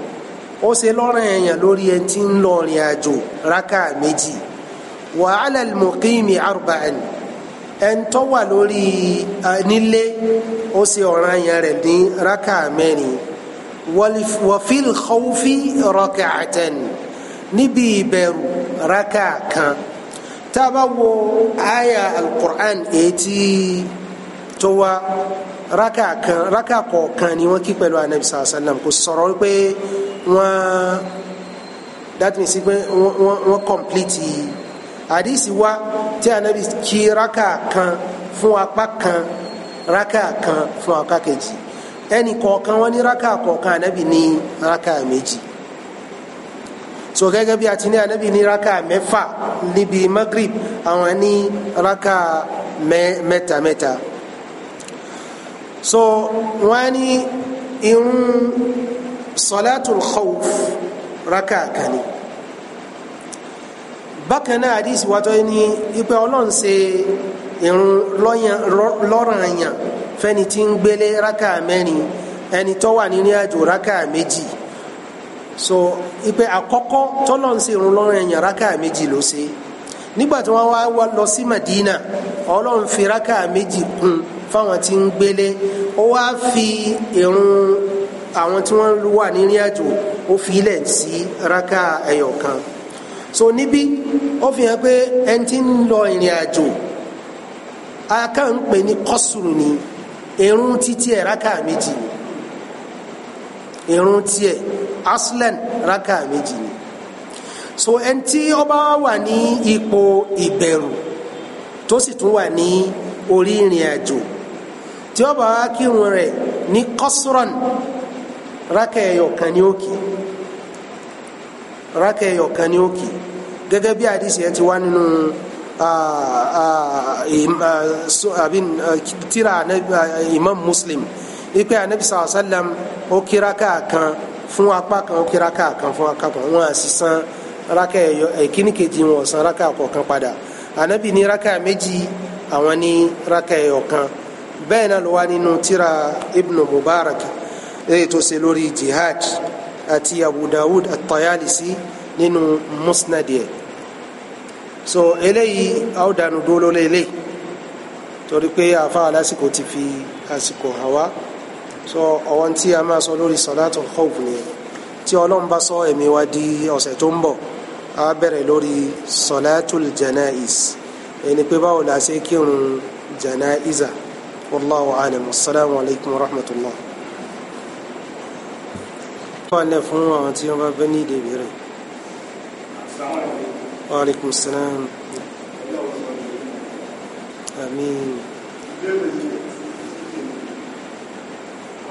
ó ṣe lọ́ranyàn lórí ẹni tí ń lọ rìn àjò raka méjì wa alal muqimi arba'an ẹni tó wà lórí nílé ó ṣe ọ̀ranyàn rẹ̀ ní raka mẹ́rin wafil khawfi raka'atan níbi ìbẹ̀rù raka kan tá a bá wo àyà alukur'an èyí tó wá raka kan raka kọ̀ọ̀kan ni wọ́n kí pẹ̀lú anabi sallallahu alayhi wa sallam kò sọ̀rọ̀ pé wọ́n that means pé wọ́n complete àdìsí wa tí anabi kí raka kan fún apá kan raka kan fún apá kejì ẹnì kọ̀ọ̀kan wọ́n ní raka kọ̀ọ̀kan anabi ní raka méjì so gẹ́gẹ́ bí a ti ní anabi ní raka mẹ́fà níbi magrib àwọn ní raka mẹ́ta mẹ́ta so wọ́n á ní irun salatul khawf raka kan ni bákan náà àdìsí wa tó ní ipe ọlọ́run ṣe irun lọ́ràn yàn fẹ́ni tí ń gbélé raka mẹ́rin ẹni tó wà nínú àjò raka méjì so ipe àkọ́kọ́ tọ́lọ̀ ń ṣe irun lọ́rùn ẹ̀yàn rákà méjì ló ṣe nígbà tí wọ́n wá lọ sí Madina ọlọ́run fi rákà méjì kún fáwọn tí ń gbélé ó wá fi irun àwọn tí wọ́n wà nírìn àjò ó fi ilẹ̀ sí rákà ẹyọ so níbí ó fi hàn pé ẹni tí ń lọ ìrìn àjò akáǹpẹ̀ ní kọ́sùrù ni irun títí ẹ̀ rákà méjì irun tiẹ̀ aslan raka méjì ni so ẹni tí ó bá wà ní ipò ìbẹ̀rù tó sì tún wà ní orí ìrìn àjò tí ó bá kírun rẹ̀ ní kọ́sùrọ̀n raka ẹyọ kan ní òkè raka ẹyọ kan ní òkè gẹ́gẹ́ bí àdìsí ẹ ti wá nínú tírà imam muslim ipe anabi sallam ó kí raka kan fún apá kan kíraka kan fún apá kan wọn àti san raka ẹ̀kíní kejì wọn san raka kọ̀ọ̀kan padà anabi ní raka méjì àwọn ní raka ẹ̀yọ̀kan bẹ́ẹ̀ náà ló wá nínú tírà ibnu mubarak èyí ṣe lórí jihad àti abu dawud at-tayalisi nínú musnadiẹ so eléyìí a ó dànù dúró lórí eléyìí torí pé àfa alásìkò ti fi àsìkò hàn wá so ọ̀wọ́n tí a máa sọ lórí sọ̀látò khawf ni tí ọlọ́run bá sọ ẹ̀mí wa di ọ̀sẹ̀ tó ń bọ̀ a bẹ̀rẹ̀ lórí sọ̀látò janaiz ẹni pé báwo la ṣe kírun janaiza wallahu alam assalamu alaykum wa wọ́n lẹ̀ fún àwọn tí wọ́n bá bẹ́ ní ìdèbí rẹ̀. wa salaam. àmín.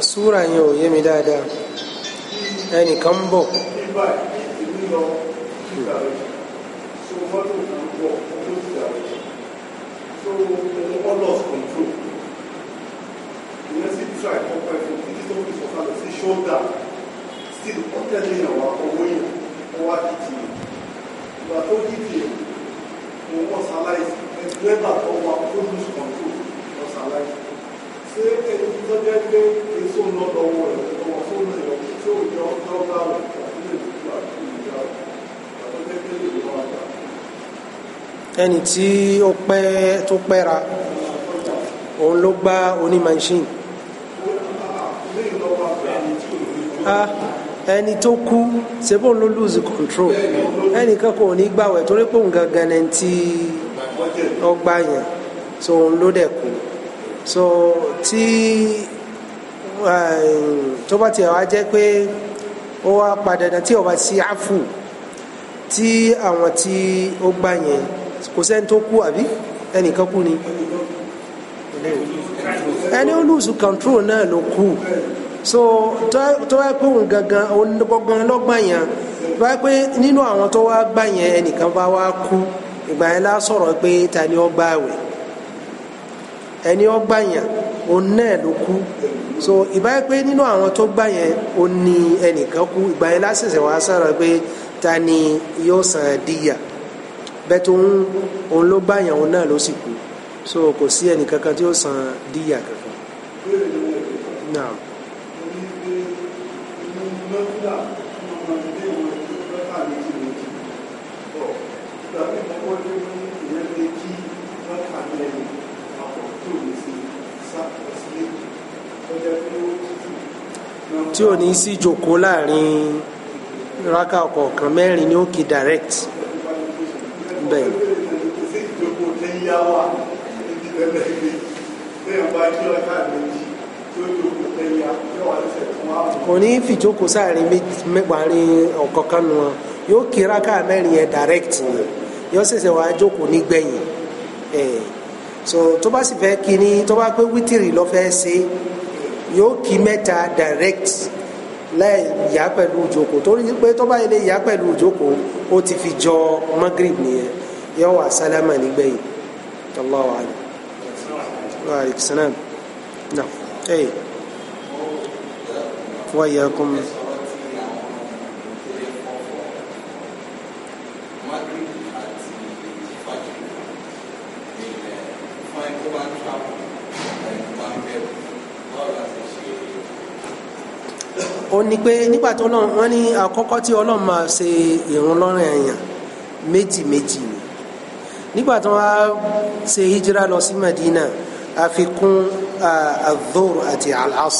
súra yẹn ò yé mi dáadáa ẹnìkan ń bọ̀. Ìgbà tó kí mo wọ́n sáláìsì ẹni dírẹ́bà tó wa produce control lọ́sà láì ṣé ẹni tó jẹ́ pé èso ń lọ lọ́wọ́ rẹ̀ lọ́wọ́ fóònù rẹ̀ tí ó yọ ọ́ bá rẹ̀ àbúlé ìdúró àti ìyá àtọ́ jẹ́ pé lè lọ́wọ́ àgbà. ẹni tí ó pẹ́ tó pẹ́ra òun ló gbá onímọ̀ọ́ṣìn ah, ẹni tó kú ṣebó ló lose control ẹnìkan kò ní gbàwẹ̀ torí pé òun gangan ẹni tí ó gbà yẹn so òun ló dẹ̀ kú so tí eh, tó bá tiẹ̀ wá jẹ́ pé ó wá padà dán tí ó bá sí áfù tí àwọn tí ó gbà yẹn kò sẹ́ni tó kú àbí ẹnìkan kú ni ẹni ó lùsù control náà ló kú so tó wá pé òun gangan òun gangan lọ́gbà yẹn tó wá pé nínú àwọn tó wá gbà yẹn ẹnìkan bá wá kú ìgbà yẹn la sọ̀rọ̀ pé ta ni ó gbààwẹ̀ ẹni ó gbàyàn òun náà ló kú so ìbá yẹn pé nínú àwọn tó gbàyàn òun ni ẹnìkan kú ìgbà yẹn la ṣẹ̀ṣẹ̀ wá sọ̀rọ̀ pé ta ni yóò san díyà bẹ́ẹ̀ tó ń òun ló gbàyàn òun náà ló sì kú so kò sí ẹnìkankan tí ó san díyà kankan. tí ò ní sí jòkó láàrin raka ọ̀kọ̀ọ̀kan mẹ́rin ni ó kì direct bẹ́ẹ̀. kò ní fìjókòó sáàrin mẹ́gbàárín ọ̀kọ̀ọ̀kan nu wọn yóò kí raka mẹ́rin yẹn direct ni yóò ṣẹ̀ṣẹ̀ wá jókòó nígbẹ̀yìn so tó bá sì fẹ́ kí ni tó bá pé wítìrì ló fẹ́ ṣe yóò kí mẹ́ta direct láì yá pẹ̀lú ìjókòó torí pé tó bá ilé yá pẹ̀lú ìjókòó ó ti fi jọ magrib nìyẹn yóò wà sálámà nígbẹ̀yìn Allahu alam wa alaykum salaam náà ẹ̀yìn wáyé kún ni pé nígbà tó lọ́n wọ́n ní àkọ́kọ́ tí ọlọ́run máa ṣe ìrun ẹ̀yàn méjì méjì ni nígbà tó wá ṣe hijira lọ sí Madina àfikún adhur àti alas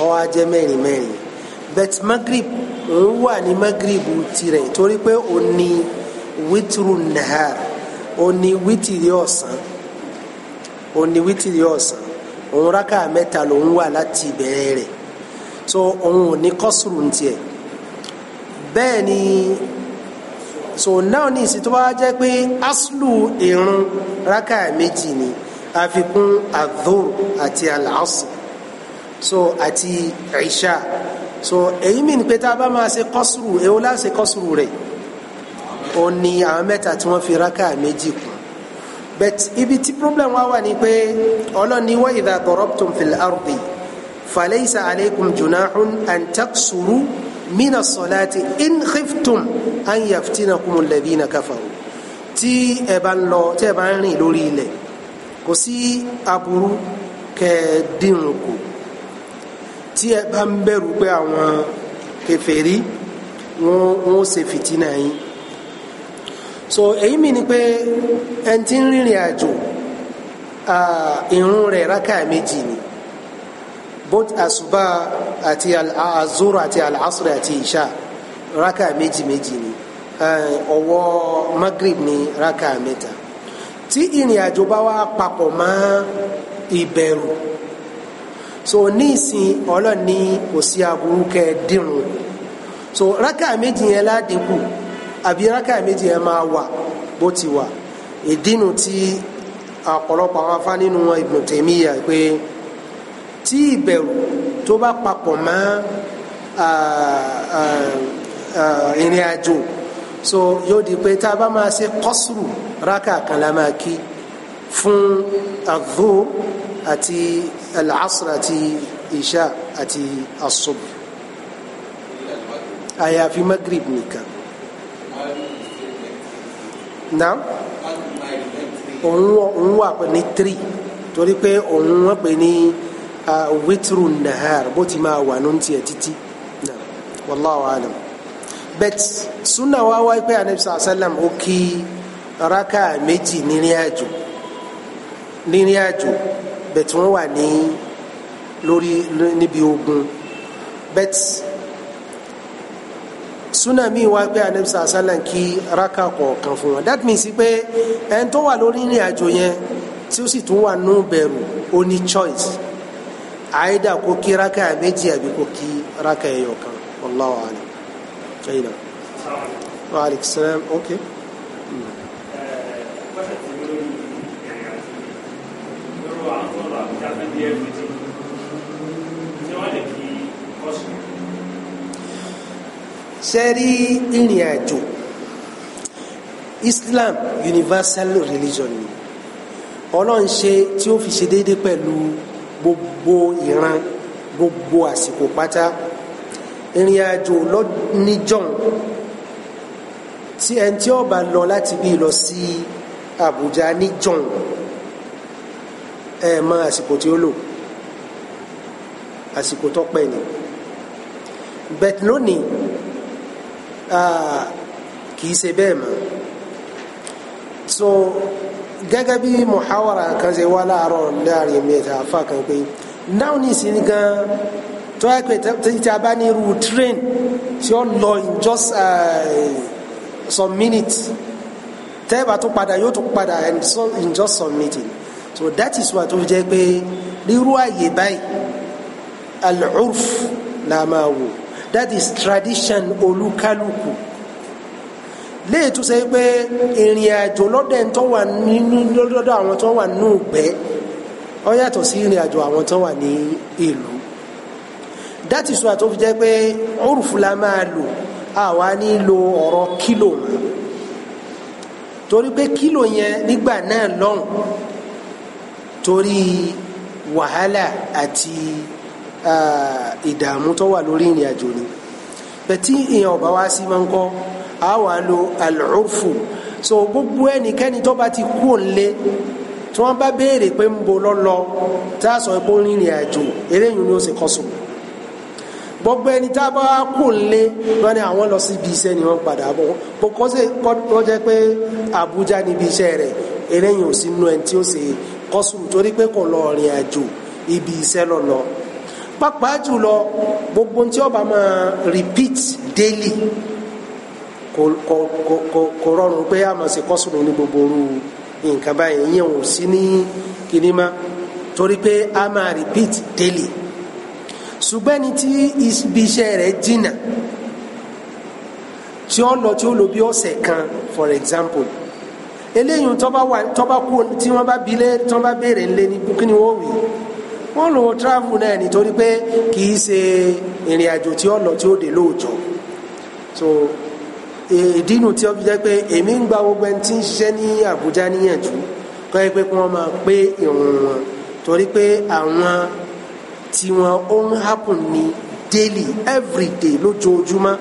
ọwọ́ ajẹ́ mẹ́rin mẹ́rin bet magrib òun wà ní magrib tirẹ̀ torí pé òun ni witru nahar òun ni witiri ọ̀sán òun ni witiri ọ̀sán òun rákà mẹ́ta lòun wà láti ìbẹ̀rẹ̀ rẹ̀ so òun ò ní kọ́sùrù ń tiẹ̀ bẹ́ẹ̀ ni so náà ní ìsìn tó bá jẹ́ pé aṣlù ìrun rákà méjì ni àfikún adhur àti al-asr so àti isha so èyí mi ni pé tá a bá máa ṣe kọ́sùrù èwo láti ṣe kọ́sùrù rẹ̀ ó ní àwọn mẹ́ta tí wọ́n fi rákà méjì kún bet ibi tí problem wa wà ni pé ọlọ́ni wa idha darabtum fil ardi. فليس عليكم جناح أن تقصروا من الصلاة إن خفتم أن يفتنكم الذين كفروا tí ẹ bá ń lọ tí ẹ bá ń rìn lórí ilẹ̀ kò sí aburú kẹẹ̀ẹ́dínrún kù tí ẹ bá ń bẹ̀rù pé àwọn kèfèrí wọn ò ṣe fìtínà yín so èyí mi ni pé ẹni tí ń rìnrìn àjò ìrun rẹ̀ rákà méjì ni both àṣùbà àti àzúrò àti àlàásùrò àti ìṣà rákà méjì méjì ni eh, ọwọ́ magrib ni rákà mẹ́ta tí ìrìn àjò bá wà papọ̀ mọ́ ìbẹ̀rù so ní ìsìn ọlọ́ni kò sí aburú kẹ́ dírun so rákà méjì yẹn ládínkù àbí rákà méjì yẹn máa wà bó ti wà ìdínú tí ọ̀pọ̀lọpọ̀ àwọn afá nínú Ibn Taymiyyah pé. E tí ìbẹ̀rù tó bá papọ̀ mọ́ ìrìn àjò so yóò di pé tá a bá máa ṣe kọ́sùrù rákà kan la máa kí fún adhu àti al-asr àti isha àti asubh àyàfi magrib nìkan. naam òun wà ní three torí pé òun wọ́n pè ní witru nahar bó ti máa wà nínú tiẹ̀ títí náà wallahu alam bet sunna wa wá pé anabi sàlám ó kí raka méjì nírìn àjò nírìn àjò bet wọ́n wà ní lórí níbi ogun bet sunna mi wá pé anabi sàlám kí raka kọ̀ọ̀kan fún wọn that means pé ẹni tó wà lórí ìrìn àjò yẹn tí ó sì tún wà nù bẹ̀rù ó ní choice àyídà kó kí rákà méjì àbí kó kí rákà ẹyọ kan wallahu alam ṣayina wa alaikum salam ok. sẹ́rí ìrìn Islam universal religion ni ṣe tí ó fi ṣe déédéé pẹ̀lú gbogbo ìran gbogbo àsìkò pátá ìrìn àjò lọ́níjọ́n tí ẹni tí ó bá lọ láti bí lọ sí Àbújá níjọ́n ẹ mọ àsìkò tí ó lò àsìkò tó pẹ́ ni bẹ́ẹ̀ lónìí kì í ṣe bẹ́ẹ̀ mọ́ so gẹ́gẹ́ bí muhawara kan ṣe wá láàárọ̀ láàrin mẹ́ta afa kan pé náà ní ìsinmi gan tó yẹ pé tí a bá ní irú train tí ó lọ in just eh, some minutes tẹ́ẹ̀bà tó padà yóò tó padà in just some minutes so that is why tó fi jẹ́ pé rírú àyè báyìí al-urf la máa wò that is tradition olúkálùkù léè tó ṣe pé ìrìn àjò lọ́dẹ̀ tó wà nínú lọ́dọ̀ àwọn tó wà nínú ìgbẹ́ ó yàtọ̀ sí ìrìn àjò àwọn tó wà ní ìlú dátì sọ àtọ́ fi jẹ́ pé òrùfù la máa lò àwa ní lo ọ̀rọ̀ kílò torí pé kílò yẹn nígbà náà lọ́hùn torí wàhálà àti ìdààmú tó wà lórí ìrìn àjò ni bẹ̀tí èèyàn ọ̀bá wá sí máa ń kọ́ a lo al-urfu so gbogbo ẹnikẹ́ni tó bá ti kú òǹlé tí wọ́n bá béèrè pé ń bo lọ́lọ́ tá a sọ pé ó rìnrìn àjò eléyìí ni ó sì kọ́sùn gbogbo ẹni tá a bá kú òǹlé wọn ni àwọn lọ sí ibi iṣẹ́ ni wọ́n padà bọ̀ bó kọ́ sí kọ́ jẹ́ pé Àbújá ni ibi iṣẹ́ rẹ̀ eléyìí ò sí nú ẹni tí ó sì kọ́sùn torí pé kò lọ rìn àjò ibi iṣẹ́ lọ́lọ́ pàápàá jùlọ gbogbo tí ó máa repeat daily kò rọrùn pé a máa ṣe kọ́sùrù ní gbogbo orú nǹkan báyìí yẹn ò sí ní kíní má torí pé a máa repeat daily ṣùgbọ́n ní tí ibi iṣẹ́ rẹ̀ jìnnà tí ó lọ tí ó lò bí ọ̀sẹ̀ kan for example eléyìí tó bá wà tó bá kú tí wọ́n bá bilé tó bá béèrè ńlé ní kíni wọ́n wì wọ́n lò travel náà nítorí pé kì í ṣe ìrìn àjò tí ó lọ tí ó dé lóòjọ́ so ìdínú tí ó fi jẹ́ pé èmi ń gba gbogbo ẹni tí ń ṣiṣẹ́ ní Àbújá níyànjú kọ́ ẹ pé kí wọ́n máa pé ìrùn wọn torí pé àwọn tí wọn ó ń happen ní daily everyday lójoojúmọ́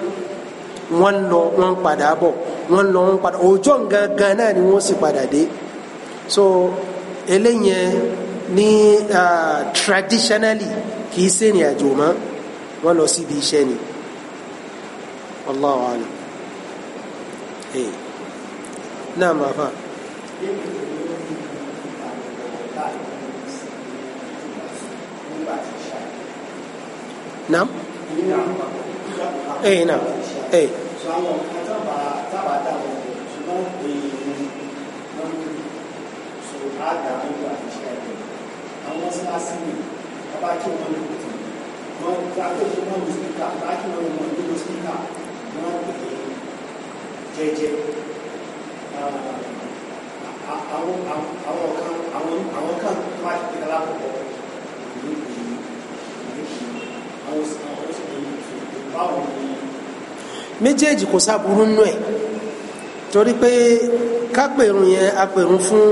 wọ́n lọ wọ́n padà bọ̀ wọ́n lọ wọ́n padà ọjọ́ gangan náà ni wọ́n sì padà dé so eléyẹn ní uh, traditionally kì í ṣèrìn àjò mọ́ wọ́n lọ síbi iṣẹ́ ni. Wallahu alam eh náà máa fà. naam ee naam ee. Eh, eh. Thank you jẹ́jẹ́ ah, àwọn kan àwọn kan máa ti tẹ̀lé àkọ́kọ́ ìlú ìlú àwọn sì ní báwo ni. méjèèjì kò sábúrú nínú ẹ̀ torí pé kápẹ̀rún yẹn apẹ̀rún fún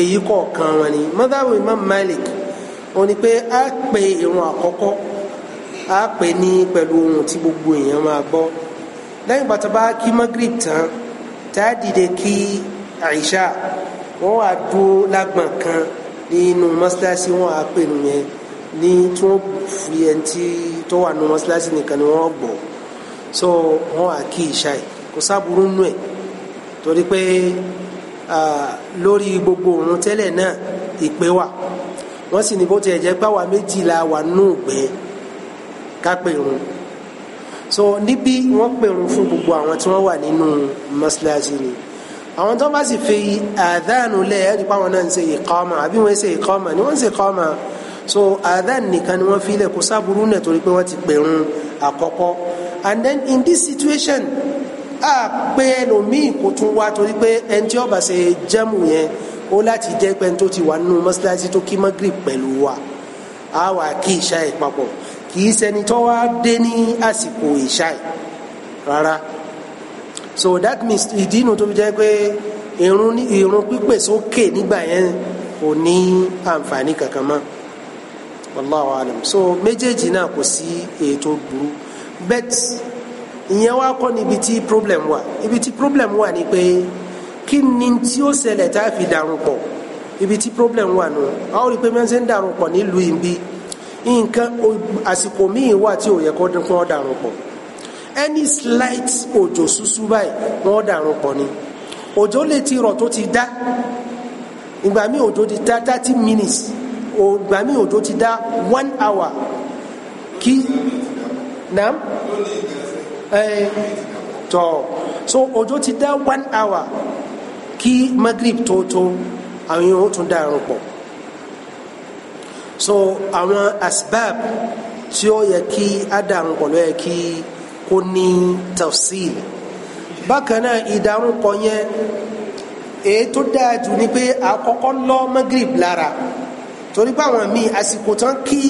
èyí kọ̀ọ̀kan wọn ni mọ́tàwé Imam Malik ó ní pé a pe ìrun àkọ́kọ́ a pè ní pẹ̀lú ohun tí gbogbo èèyàn máa gbọ́ lẹ́yìn bàtà bá kí magrib tán tá a dìde kí àìṣà wọ́n wà dúró lágbọ̀n kan nínú mọ́ṣáláṣí wọ́n á pè nù yẹn ní tí wọ́n fi ẹni tí tó wà nù mọ́ṣáláṣí nìkan ni wọ́n gbọ́ so wọ́n á kí ìṣà yìí kò sábúrú nù ẹ̀ torí pé lórí gbogbo òun tẹ́lẹ̀ náà ìpè wà wọ́n sì ní bó tiẹ̀ jẹ́ pàwá méjìlá wà nù gbẹ́ kápẹ́ òun so níbí wọ́n pèrún fún gbogbo àwọn tí wọ́n wà nínú mọ́ṣáláṣí ni àwọn tó bá sì fi àdánù lẹ̀ ẹ́ dípò àwọn náà ń ṣe ìkọ́mà àbí wọ́n ṣe ìkọ́mà ni wọ́n ń ṣe ìkọ́mà so àdánù nìkan ni wọ́n fi lẹ̀ kó sábúrú náà torí pé wọ́n ti pèrún àkọ́kọ́ and then in this situation a pé ẹlòmíì kò tún wá torí pé ẹni tí ó bá ṣe jẹ́mù yẹn ó láti jẹ́ pé ẹni tó ti wà nínú mọ́ṣáláṣí tó kí magrib pẹ̀lú wa a wà kí ìṣá ẹ̀ papọ̀ kì í ṣẹni tó wá dé ní àsìkò ìṣáì rárá so that means ìdí inú tó fi jẹ́ pé irun irun pípè sókè nígbà yẹn kò ní àǹfààní kankan mọ́ wallahu alam so méjèèjì náà kò sí ètò burú bet ìyẹn wá kọ́ níbi tí problem wà ibi tí problem wà ni pé kí ni tí ó ṣẹlẹ̀ tá a fi dàrún pọ̀ ibi tí problem wà nù a ó rí i pé mẹ́sẹ̀ ń dàrún pọ̀ nílùú yìí bíi nǹkan àsìkò míì wà tí ò yẹ kó dín kó wọ́n pọ̀ any slight òjò ṣúṣú báyìí wọ́n dàrún pọ̀ ni òjò lè ti rọ̀ tó ti dá ìgbà míì òjò ti dá thirty minutes ìgbà míì òjò ti dá one hour kí naam ẹ eh, tọ so òjò ti dá one hour kí magrib tó tó àwọn yòówù tún dàrún pọ̀ so àwọn asbab tí ó yẹ kí adarúnkọ ló yẹ kí kó ní tafsil bákan náà ìdarúnkọ yẹn èyí tó dáa jù ni pé àkọ́kọ́ lọ magrib lára torí pé àwọn míì àsìkò tán kí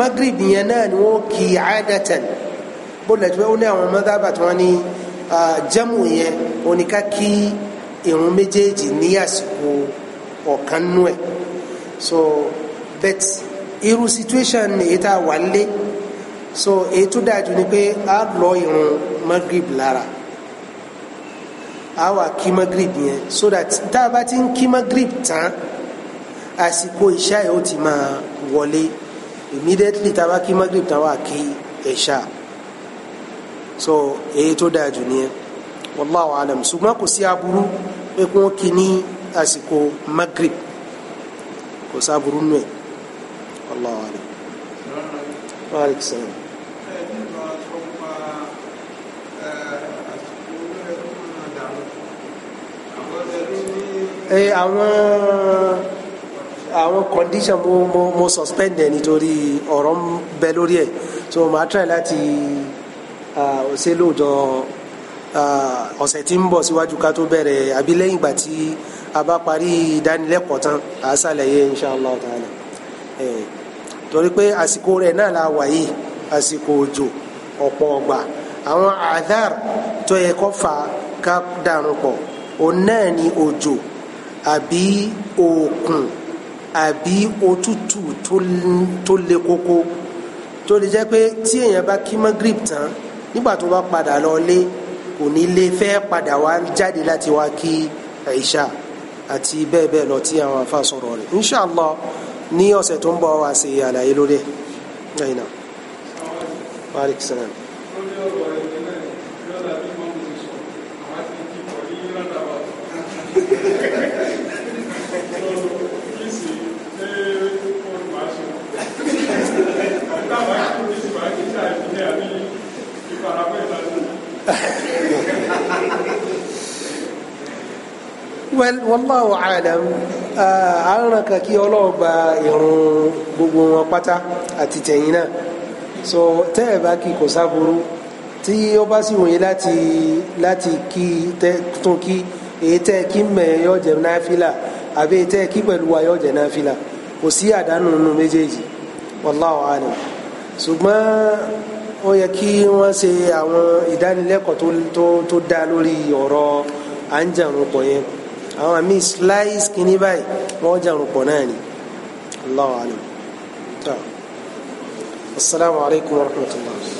magrib yẹn náà ni wọ́n kì í àádẹ́tẹ̀n bó lẹ̀ tó ó ní àwọn mọ́tàbà tí wọ́n ní jẹ́mù yẹn oníká kí irun méjèèjì ní àsìkò ọ̀kan nú ẹ̀ so but irú situation ni tá a wà lé so èyí tó dájú ni pé a lọ ìrun magrib lára a wà kí magrib yẹn so that tá a bá ti ń kí magrib tán àsìkò ìṣá yìí ó ti máa wọlé immediately tá a bá kí magrib tán wà kí ìṣá so èyí tó dájú nìyẹn wallahu alam ṣùgbọ́n kò sí aburú pé kí wọ́n kí ní àsìkò magrib kò sáburú nù ẹ̀ wallahu alim wa alaykum salaam. ẹ eh, àwọn àwọn condition mo mo mo suspend ẹ nítorí ọ̀rọ̀ ń bẹ lórí ẹ̀ so màá try láti ṣe lóòjọ́ ọ̀sẹ̀ tí ń bọ̀ síwájú ká tó bẹ̀rẹ̀ àbí lẹ́yìn ìgbà tí a bá parí ìdánilẹ́kọ̀ọ́ tán àá ṣàlàyé inshallah ta'ala. Eh torí pé àsìkò rẹ̀ náà la wà yìí àsìkò òjò ọ̀pọ̀ ọgbà àwọn àdár tó yẹ kó fa ká dànù pọ̀ òun náà ni òjò àbí òkun àbí òtútù tó le koko tó lè jẹ́ pé tí èèyàn bá kí magrib tán nígbà tó bá padà lọ lé kò ní lè fẹ́ padà wá jáde láti wá kí Aisha àti bẹ́ẹ̀ bẹ́ẹ̀ lọ tí àwọn afa sọ̀rọ̀ rẹ̀ inshàlá ní ọ̀sẹ̀ tó ń bọ̀ wá sí àlàyé lórí ẹ̀ náà Thank you well wallahu alam àárọ̀ ah, kan kí ọlọ́run gba ìrun gbogbo wọn pátá àti tẹ̀yìn náà so tẹ́ ẹ̀ bá kí kò sáburú tí ó bá sì wòye láti láti kí tún kí èyí tẹ́ kí mẹ̀ yọ jẹ́ náfìlà àbí èyí tẹ́ kí pẹ̀lú wa yọ jẹ́ náfìlà kò sí àdánù nínú méjèèjì wallahu alam ṣùgbọ́n ó yẹ kí wọ́n ṣe àwọn ìdánilẹ́kọ̀ọ́ tó tó dáa lórí ọ̀rọ̀ à ń jẹun pọ̀ yẹn àwọn àmì slice kìíní báyìí wọ́n jàrún pọ̀ náà ni Allahu السلام عليكم ورحمة الله